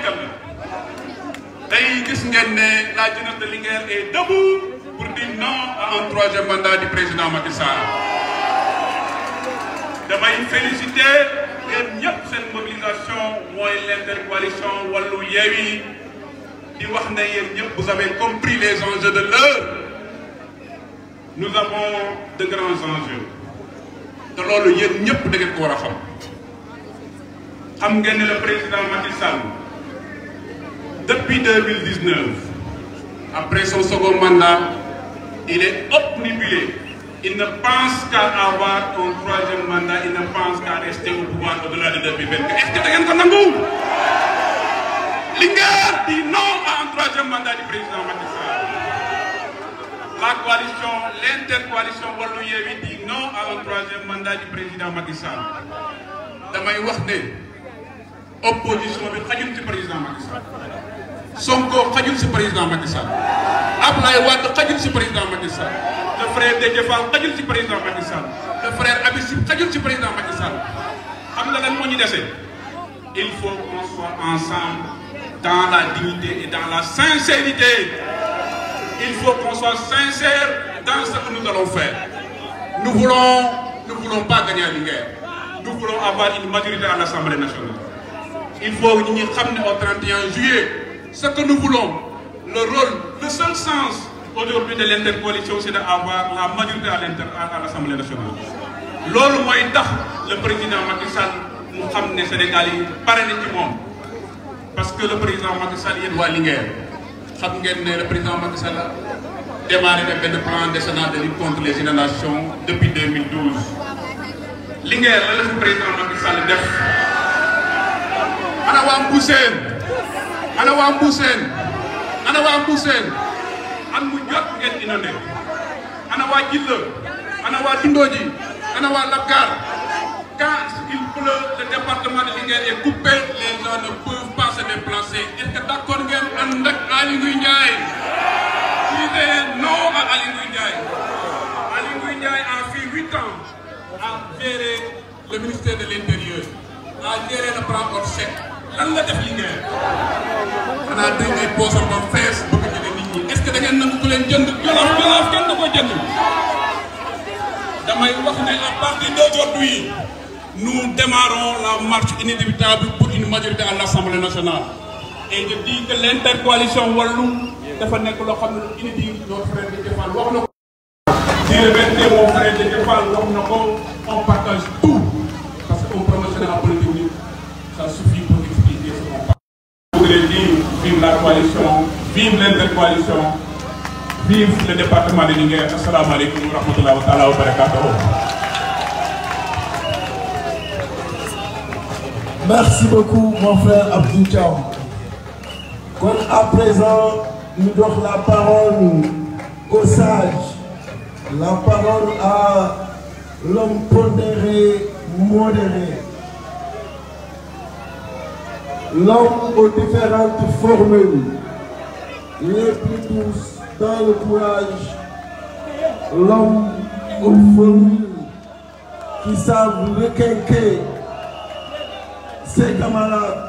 tey gis la jeunesse de l'ingénieur est debout pour dire non à un troisième mandat du président Macky Sall vous féliciter yéen ñëpp mobilisation moi l'intercoalition wàllu yeewi vous avez compris les enjeux de l'heure nous avons de grands enjeux Alors le yéen n'y a xam xam ngeen le président Macky depuis 2019 après son second mandat il est obnubilé il ne pense qu'à avoir un troisième mandat il ne pense qu'à rester au pouvoir au-delà de 2024 est-ce que tu un ko nangu L'Église dit non à un troisième mandat du président Macky la coalition, l'intercoalition Wallu dit non à un troisième mandat du président Macky Sall damay wax opposition bi le ci président Macky Sall Sonko xajul le président Macky Sall Ablaye Wade président Macky le frère Déthié Fall xajul président Macky le frère Abissip, Sy xajul président Macky Sall il faut qu'on soit ensemble dans la dignité et dans la sincérité il faut qu'on soit sincère dans ce que nous allons faire. Nous ne voulons, voulons pas gagner à guerre. Nous voulons avoir une majorité à l'Assemblée nationale. Il faut que nous au 31 juillet ce que nous voulons. Le rôle, le seul sens aujourd'hui de l'intercoalition, c'est d'avoir la majorité à l'Assemblée nationale. L'autre moyen le président Macky Sall nous xam par Sénégal par parce que le président Macky Sall loin de guerre xam ngeen ne le président Macky Sall démarré na benn plan décennal de lutte contre les inondations depuis 2012. Linguère le la président Macky Sall def ana waa Mbuuseen ana waa Mbuuseen ana waa Mbuuseen an mu jot ngeen inondé ana waa Djilla ana waa ana waa quand il pleut le département de Linguère est coupé les gens ne peuvent pas se déplacer est-ce que d'accord Aly Ngouille Ndiaye qui dit non à Aly Ngouille Ndiaye Aly Ngouille Ndiaye a fait huit ans à gérer le ministère de l'intérieur à gérer le bras corps sec lan la def Linguère xanaa dañ ay poosam ba fees bëgg jëlee nit ñi est-ce que da ngeen nangu ku leen jënd Jolof Jolof kenn da ko jënd damay wax ne à partir d'aujourd'hui nous démarrons la marche inéluctable pour une majorité à l'Assemblée nationale Et je dis que l'intercoalition Wallou, nous. dit que que notre de mon frère de Kéfal, on partage tout parce qu'on on promotionne la politique ça suffit pour expliquer ce qu'on parle. Je voudrais dire vive la coalition vive l'intercoalition vive le département de l'Union. Assalamu alaikum. Merci beaucoup mon frère Abdou quand à présent, nous donne la parole au sage, la parole à l'homme pondéré, modéré, l'homme aux différentes formules, les plus douces dans le courage, l'homme aux formules qui savent requinquer ses camarades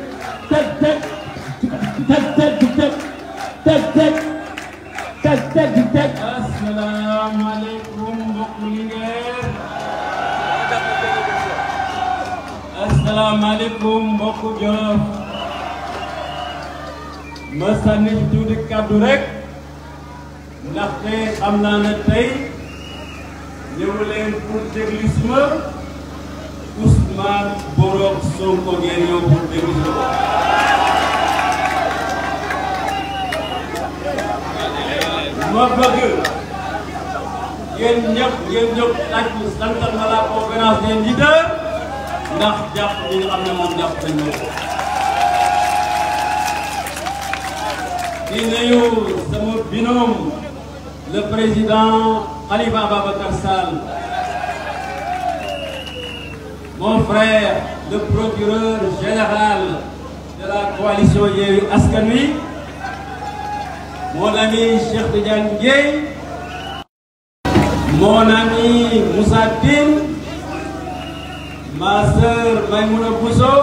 asalaamaaleykum mbokk Linguère asalaamaaleykum mbokk Jolof ma sànni ci tuuti kàddu rek ndaxte xam naa ne tey ñëw leen pour déglu suma Ousmane Borom Sonko ngeen yóbbu déglu ko. ma bëgg yéen ñëpp yéen ñëpp laaj ñu santal di le président Ali Baba Sall. mon frère le procureur général de la coalition Yewwi Askan mon ami Cheikh Tidiane Dièye mon ami Moussa Tine ma sœur Maïmouna Bousso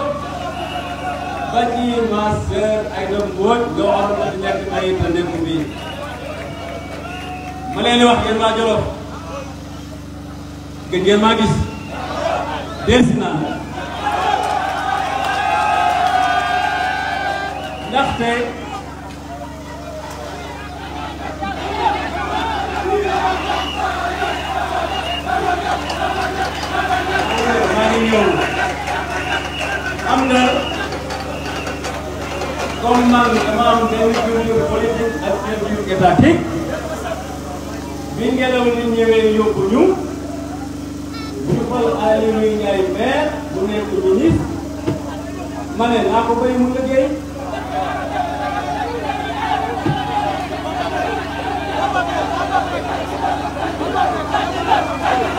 ba ci ma sœur Aïda Mbodj nga waxoon na nekk ay te nekk ma leen di wax yéen waa des na ndaxte maa ngi ñëw am na comme man dama am benn culture politique ak culture étatique bi ngelaw li ñëwee yóbbu ñu mal Aliou Ndiaye maire bu nekk ministre ma ne ko mu liggéey Thank you.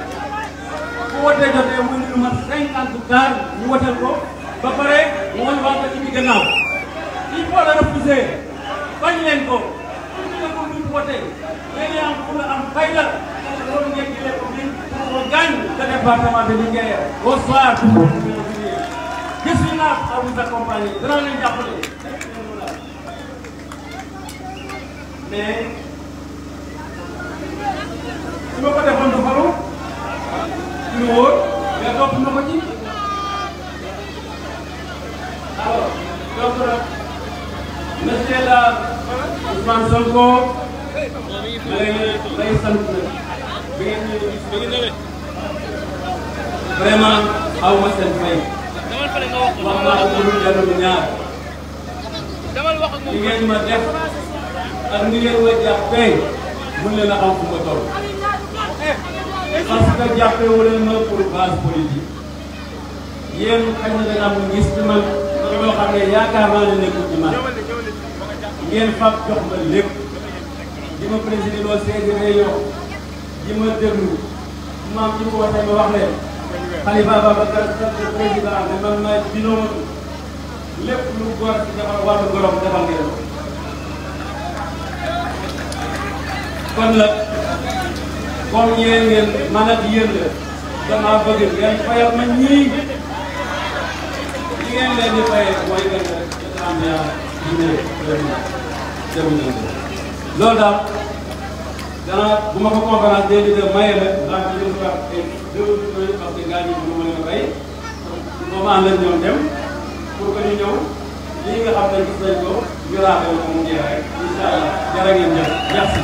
bu wootee jotee muy lu mat cinquante ñu woteel ko ba pare mu wan waa ci bi gannaaw il faut le repousser bañ leen ko ñu ne ko buñ wootee léegi am pour am fay la loolu ngeen jëlee ko bi pour gagne le département de Linguère au soir pour vous je suis là vous accompagner mais lu wóor nga topp na ko ci alors donc monsieur la Ousmane sant bi aw ma seen fay wax naa ko lu dellu ñaar li ngeen ma def ak ni ngeen ma jàppee mun leen a am fu ma toll parce que jàppee wu leen ma pour base politique yéen xëy na dana am gis ci man loo xam ne yaakaar naa ne nekkul ci man ngeen fab jox ma lépp di ma présider loo seeti réunion ma déglu maam ci ko waxee ma wax leen Khalifa Babacar Sall président ne man maa binoo lépp lu góor ci defal wàllu gorom defal ngeen kon la. mà được, kon yéen ngeen maanaam yéen la damaa bëgg ngeen fayal ma ñii li ngeen leen di fayee mooy gën được, am yaa dina dem na loolu daal danaa bu ma ko conférence day di dem maye la ndax ñu dem par deux parce que gars yi du ma leen bay moom ànd ak ñoom dem pour que ñu ñëw lii nga xam ne gis nañ ko ñu raaxee ko mu jeex rek incha allah jërë ngeen jëf merci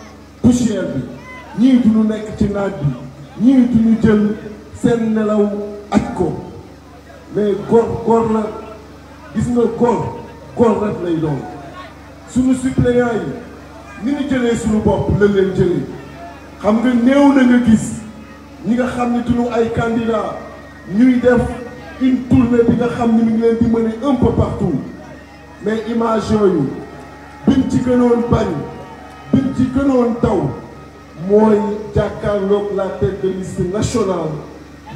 poussière bi ñii du ñu nekk ci naaj bi ñii du ñu jël seen nelaw ak ko mais góor góor la gis nga góor góor rek lay doon suñu suppléant yi ni ñu jëlee suñu bopp la leen jëlee xam nga néew na nga gis ñi nga xam ne duñu ay candidat ñuy def une tournée bi nga xam ne mu ngi leen di mener un peu partout mais image yooyu biñ ci gënoon bañ que nous taw moi, jàkkaarloog la tête de liste nationale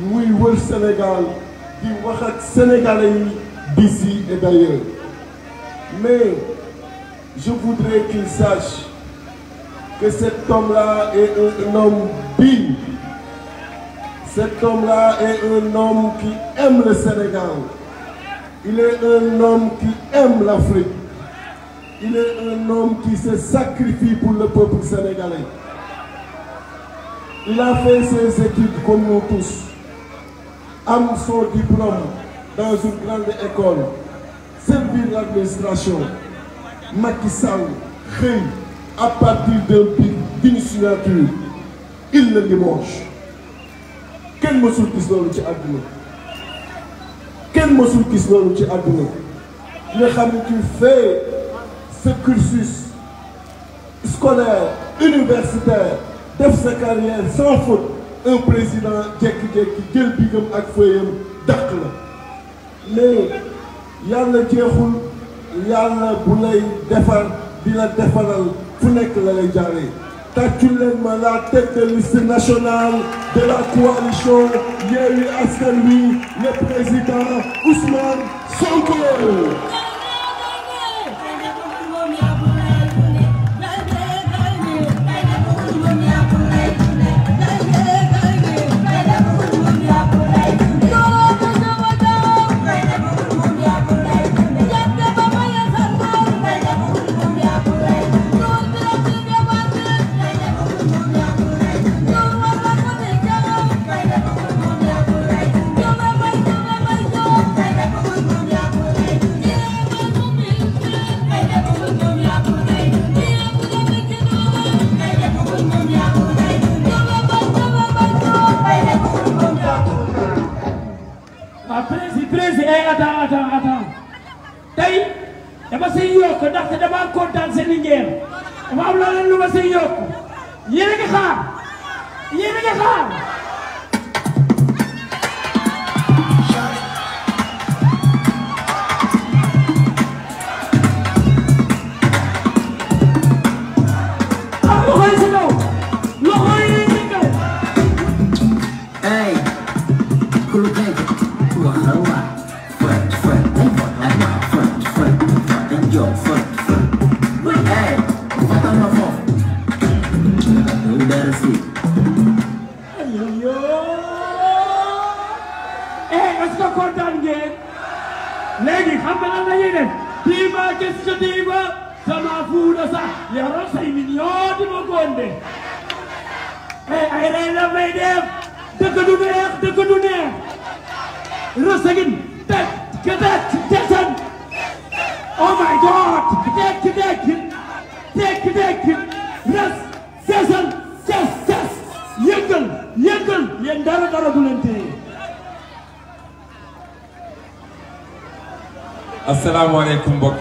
moi, au Sénégal qui est sénégalais d'ici et d'ailleurs mais je voudrais qu'il sache que cet homme-là est un homme bien. cet homme-là est un homme qui aime le Sénégal il est un homme qui aime l'Afrique il est un homme qui se sacrifie pour le peuple sénégalais. Il a fait ses études comme nous tous. Am son diplôme dans une grande école. Servir l'administration. Macky Sall à partir d'une signature il le dimanche Quel se qui à ci Quel Quel qui se loolu dit Le nga sais que tu fais sa cursus scolaire universitaire def sa carrière sans faute un président jékki-jékki jël bigam ak fëyam dàq la mais yàlla jeexul yàlla bu lay defar di la defaral fu nekk la lay jaaree tàccul ma la tête liste nationale de la coalition Yewwi Askan Wi le président Ousmane Sonko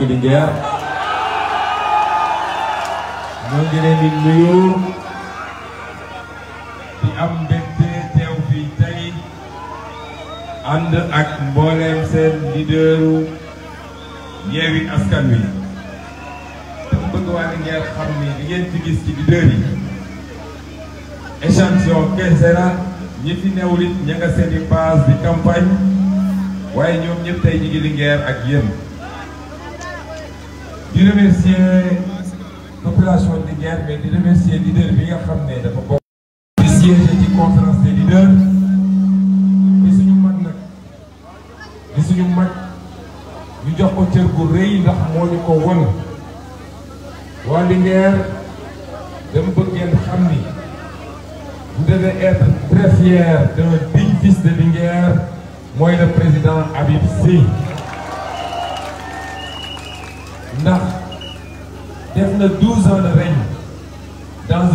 ki di ngeer ñoo ngi leen di am mbégte teew fii tey ànd ak mbooleem seen leaderu Yewwi Askan Wi te bëgg waa ni xam ni li ngeen gis ci leader yi échantillon kese la ñi fi newul it nga seeni base di campagne waaye ñoom ñëpp tey ñi ngi lingeer ak yéen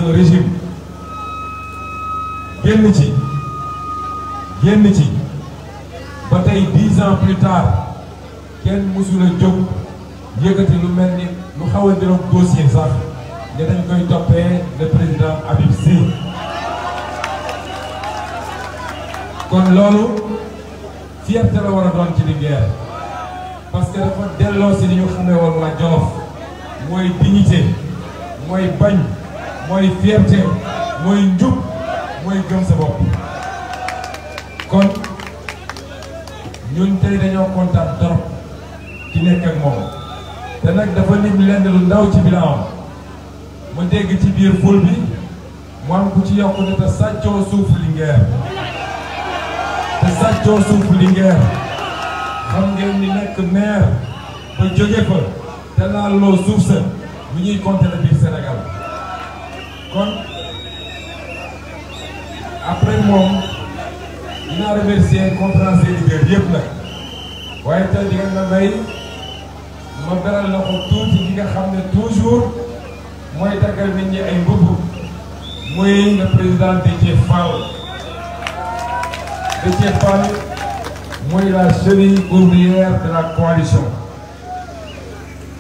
wàllu régime génn ci génn ci ba tey dix ans plus tard kenn mësula jóg yëkkati lu mel ni lu xaw a niroog dossier sax ne dañ koy toppee le président Habib Sy kon loolu fierté la war a doon ci Linguère parce dafa delloo si li ñu xamee woon waa Jolof mooy dignité mooy bañ mooy fierté mooy njub mooy gëm sa bopp kon ñun tey dañoo kontaan trop ci nekk ak moom te nag dafa lim lenn lu ndaw ci bilan am mu dégg ci biir ful bi mu am ku ci yokk ne te sàccoo suuf Linguère te sàccoo suuf Linguère xam ngeen ni nekk maire ba jóge fa te laaloo suuf sa lu ñuy compter biir Sénégal kon après moom dinaa remercier conférencier leader yëpp nag waaye tey di nga ma may ma beral la ko tuuti gi nga xam ne toujours mooy takkal nit ñi ay mbubb muy le président Déthié Fall Déthié Fall mooy la chenille ouvrière de la coalition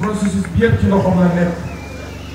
processus bi yëpp ci loxoom la nekk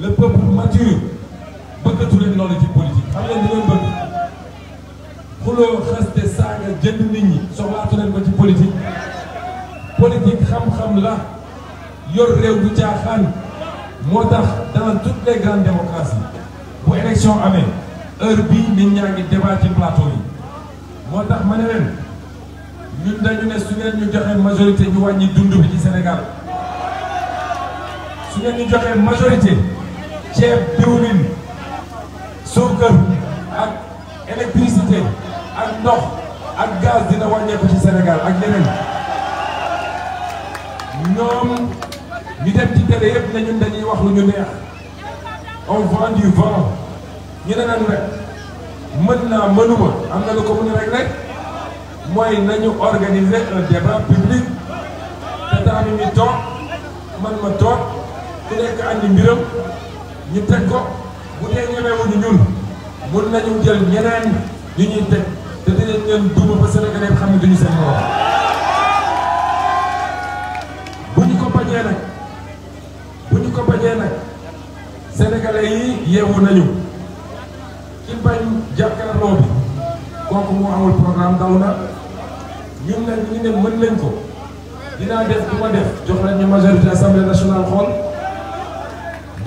le peuple mature bëggatu leen les ci politique xam leen di leen le xaste saaga nit ñi politique politique xam-xam la yor réew du dans toutes les grandes démocraties pour élection je heure bii nit ngi débat ci plateau je veux dire, majorité ñu Sénégal Nous avons une majorité ceeb diwlin suukar ak électricité ak ndox ak gaz dina wàññeeku ci Sénégal ak leneen ñoom ñu dem ci télé yëpp ne ñun dañuy wax lu ñu neex on vend du vent ñu ne nan rek mën naa mënuma am na lu ko mën rek rek mooy nañu organiser un débat public te taami mi toog man ma toog ku nekk andi mbiram ñu teg ko bu dee ñemewuñu ñun mun nañu jël ñeneen ñu ñuy teg te dinañ leen duma ba Sénégalais xam ne duñu seen morom bu ñu ko bañee nag bu ñu ko bañee nag Sénégalais yi yeewu nañu ci bañ jàkkaarloo bi kooku moo amul programme daw na ñun nag ñu ne mën nañ ko dinaa def du ma def jox leen ñu majorité assemblée nationale xool.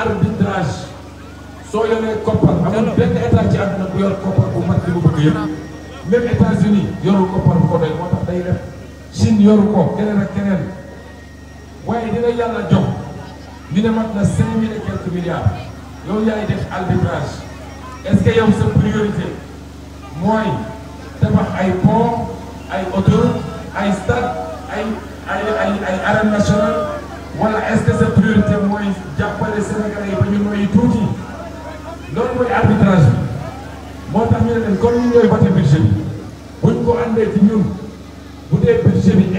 arbitrage soo yoree koppar amul benn état ci àdduna bu yor koppar bu mat li mu bëgg yëpp même États-Unis yorul koppar bu ko doy moo tax day def Chine yoru ko keneen ak keneen waaye dina yàlla jox ñu ne mat na cinq mille et quelques milliards yow yaay def arbitrage est-ce que yow sa priorité mooy tabax ay pont ay autoroute ay stade ay ay ay ay arène nationale Voilà, est-ce que cette priorité mooy jàppale Sénégalais ba ñu arbitrage bi moo tax ñu ne budget bi buñ ko ci ñun bu budget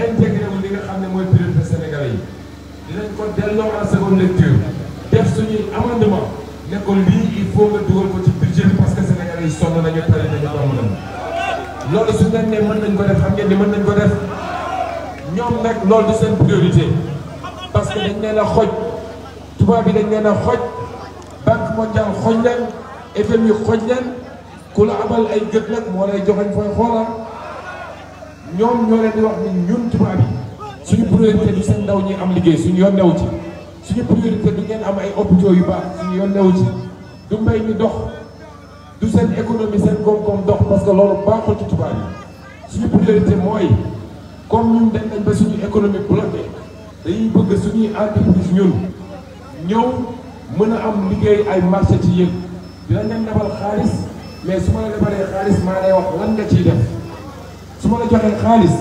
intégré wu li nga priorité Sénégalais yi ko seconde lecture def amendement il faut nga dugal ko budget parce que Sénégalais yi sonn nañu tari nañu loolu su nañ ko def priorité. parce que dañ la xoj tuba bi dañ leena a xoj banque mondiale xoj leen FMI xoj leen kul abal ay gët nak mo lay joxañ fay xoolal ñom ñoo leen di wax ni ñun tuba bi suñu priorité du seen ndaw ñi am liggéey suñu yoon newu ci suñu priorité du ngeen am ay hôpitaux yu baax suñu yoon newu ci du mbay mi dox du seen économie seen kom kom dox parce que loolu baaxul ci tuba bi suñu priorité mooy comme ñun dañ nañ ba suñu économie bloquée dañuy bëgg suñuy entreprise ñun ñëw mën a am liggéey ay marché ci yëg dinañ leen defal xaalis mais su ma la defalee xaalis maa lay wax lan nga ciy def su ma la joxee xaalis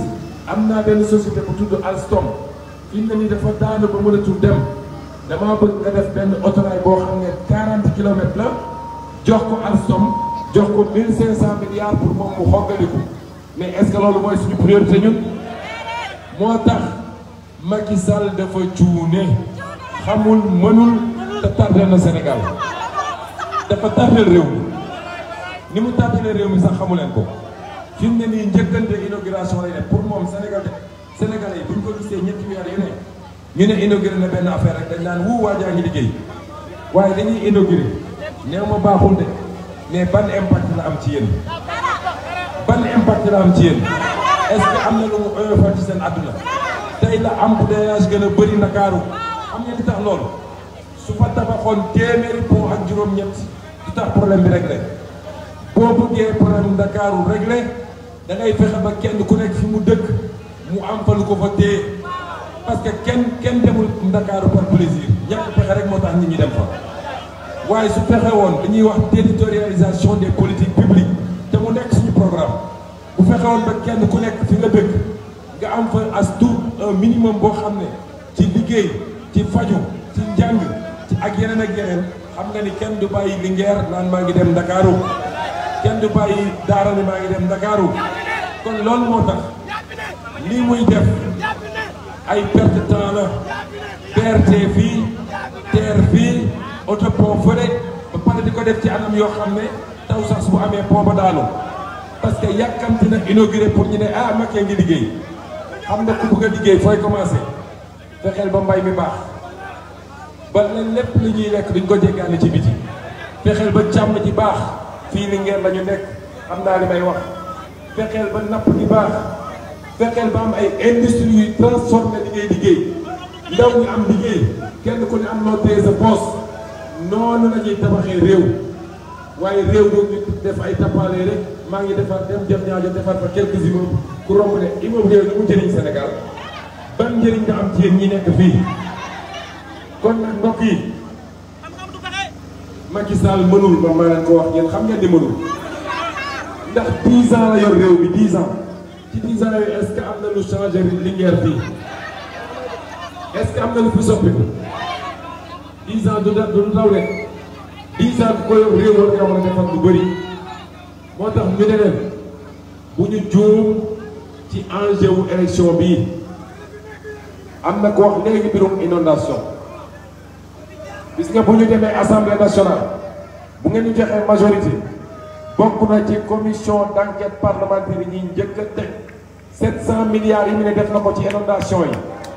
am naa benn société bu tudd Alstom fi mu ne nii dafa daanu ba mënatul dem damaa bëgg nga def benn autorail boo xam ne 40 kilomètres la jox ko Alstom jox ko 1500 milliards pour moom mu xoggaliku mais est-ce que loolu mooy suñu priorité ñun moo tax. Macky Sall dafa cuune xamul mënul te tardé na Sénégal dafa tardé réew mi ni mu tardé réew mi sax xamu leen ko fi mu ne nii njëkkante inauguration lay def pour moom Sénégal Sénégalais yi bu ñu ko gisee ñetti weer yu ne ñu ne inauguré na benn affaire rek dañ naan wuu waajaa ngi liggéey dañuy inauguré mais ban impact la am ci yéen ban impact la am ci yéen est-ce que am lu mu oyofal ci tey la embouteillage gën a bëri Ndakaaru am ngeen li tax loolu su fa tabaxoon téeméeri pont ak juróom-ñett du tax problème bi rek réglé boo bëggee problème Ndakaaru réglé da ngay fexe ba kenn ku nekk fi mu dëkk mu am fa lu ko fa téye parce que kenn kenn demul Ndakaaru par plaisir ñàkk pexe rek moo tax nit ñi dem fa waaye su fexe woon dañuy wax territorialisation des politiques publiques te mu nekk suñu programme bu fexe woon ba kenn ku nekk fi nga dëkk nga am fa as tuut un minimum boo xam ne ci liggéey ci faju ci njàng ci ak yeneen ak yeneen xam nga ni kenn du bàyyi Linguère naan maa ngi dem Ndakaaru kenn du bàyyi Daara maa ngi dem Ndakaaru kon loolu moo tax lii muy def ay perte temps la fii TER fii autopont fële ba pare di ko def ci anam yoo xam ne taw sax bu amee pont ba daanu parce que yàkkamti na inauguré pour ñu ne ah Macky ngi liggéey xamna ku bëgg liggéey foy commencé fexel ba mbay mi bax ba leen lépp li ñuy lek duñ ko jéggaane ci biti fexel ba cham ci bax fi li ngeen lañu nek nekk xam naa li may wax fexel ba nap ci bax fexel ba am ay industrie yu transformé liggéey liggéey ndaw ñu am liggéey kenn ku ne am lo téye sa poos nonu la ñuy tabaxee réew waye réew do ñu def ay tapalé rek maa ngi defar dem jëm ñaajo defar fa quelques immeubles ku romb ne immeuble yooyu lu mu jëriñ Sénégal ban njëriñ nga am ci yéen ñi nekk fii kon nag mbokk yi Macky Sall mënul ba ma leen ko wax ngeen xam ngeen di mënul ndax 10 la yor réew bi 10 ans ci 10 ans yooyu est-ce que am na lu changé Linguère fii est-ce que am na lu fi soppi 10 du da du ndaw rek 10 ans ko yor réew war nga war a defar lu bëri. moo tax ñu ne leen bu ñu juum ci enjeu wu élection bi am na ko wax léegi mbirum inondation gis nga bu ñu demee assemblée nationale bu ngeen ñu joxee majorité bokk na ci commission d'enquête parlementaire yi ñuy njëkk a teg 700 milliards yi mu ne def na ko ci inondation yi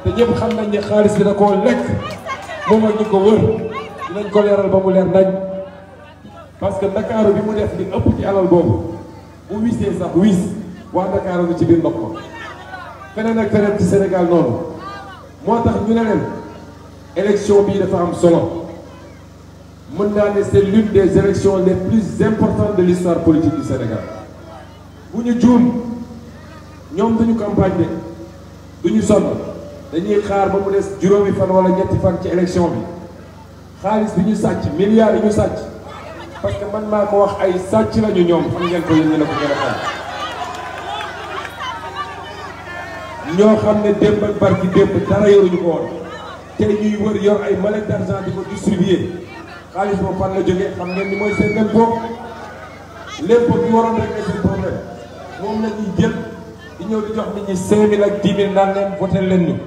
te ñëpp xam nañ ne xaalis bi da koo lekk moom ak ñu ko wër dinañ ko leeral ba mu leer nañ. parce que Ndakaaru bi mu def li ëpp ci alal boobu bu wisee sax wis waa Ndakaaru ci biir ndox ma feneen ak feneen ci Sénégal noonu moo tax ñu ne leen élection bii dafa am solo mën naa ne c'est des élections les plus importantes de l'histoire politique du Sénégal bu ñu juum ñoom duñu campagne de duñu sol dañuy xaar ba mu des juróomi fan wala ñetti fan ci élection bi xaalis bi ñu sàcc milliards yi ñu sàcc parce que man maa ko wax ay sàcc lañu ñoom xam ngeen ko yéen ñu ne ko gën ñoo xam ne démb barki démb dara yoruñu ko tey ñuy wër yor ay mallette d'argent di ko distribuer xaalis boobu fan la jógee xam ngeen ni mooy seen nen boobu lépp bi waroon rek suñu problème moom la jël di ñëw di jox nit ñi 5000 ak 10 000 naan leen voté leen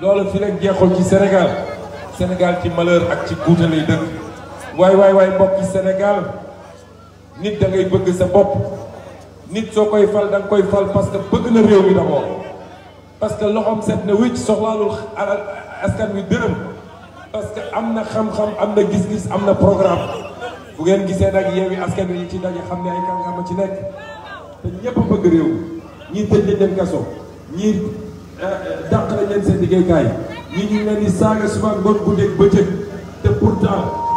loolu fi la jeexul ci Sénégal Sénégal ci malheur ak ci guutale yi dëkk. waaye waay waay mbokki Sénégal nit da ngay bëgg sa bopp nit soo koy fal da nga koy fal parce que bëgg na réew mi d'abord parce que loxoom set na wicc soxlaalul alal askan bi dërëm parce que am na xam-xam am na gis-gis am na programme bu ngeen gisee nag Yewwi Askan Wi yi ci daje xam ne ay kàngam ci nekk te ñépp bëgg réew ñii tëj nañ leen kaso ñii euh, euh, dàq nañ leen seen liggéeykaay ñii ñu ngi leen di saaga suba ngoon guddeeg bëccëg te pourtant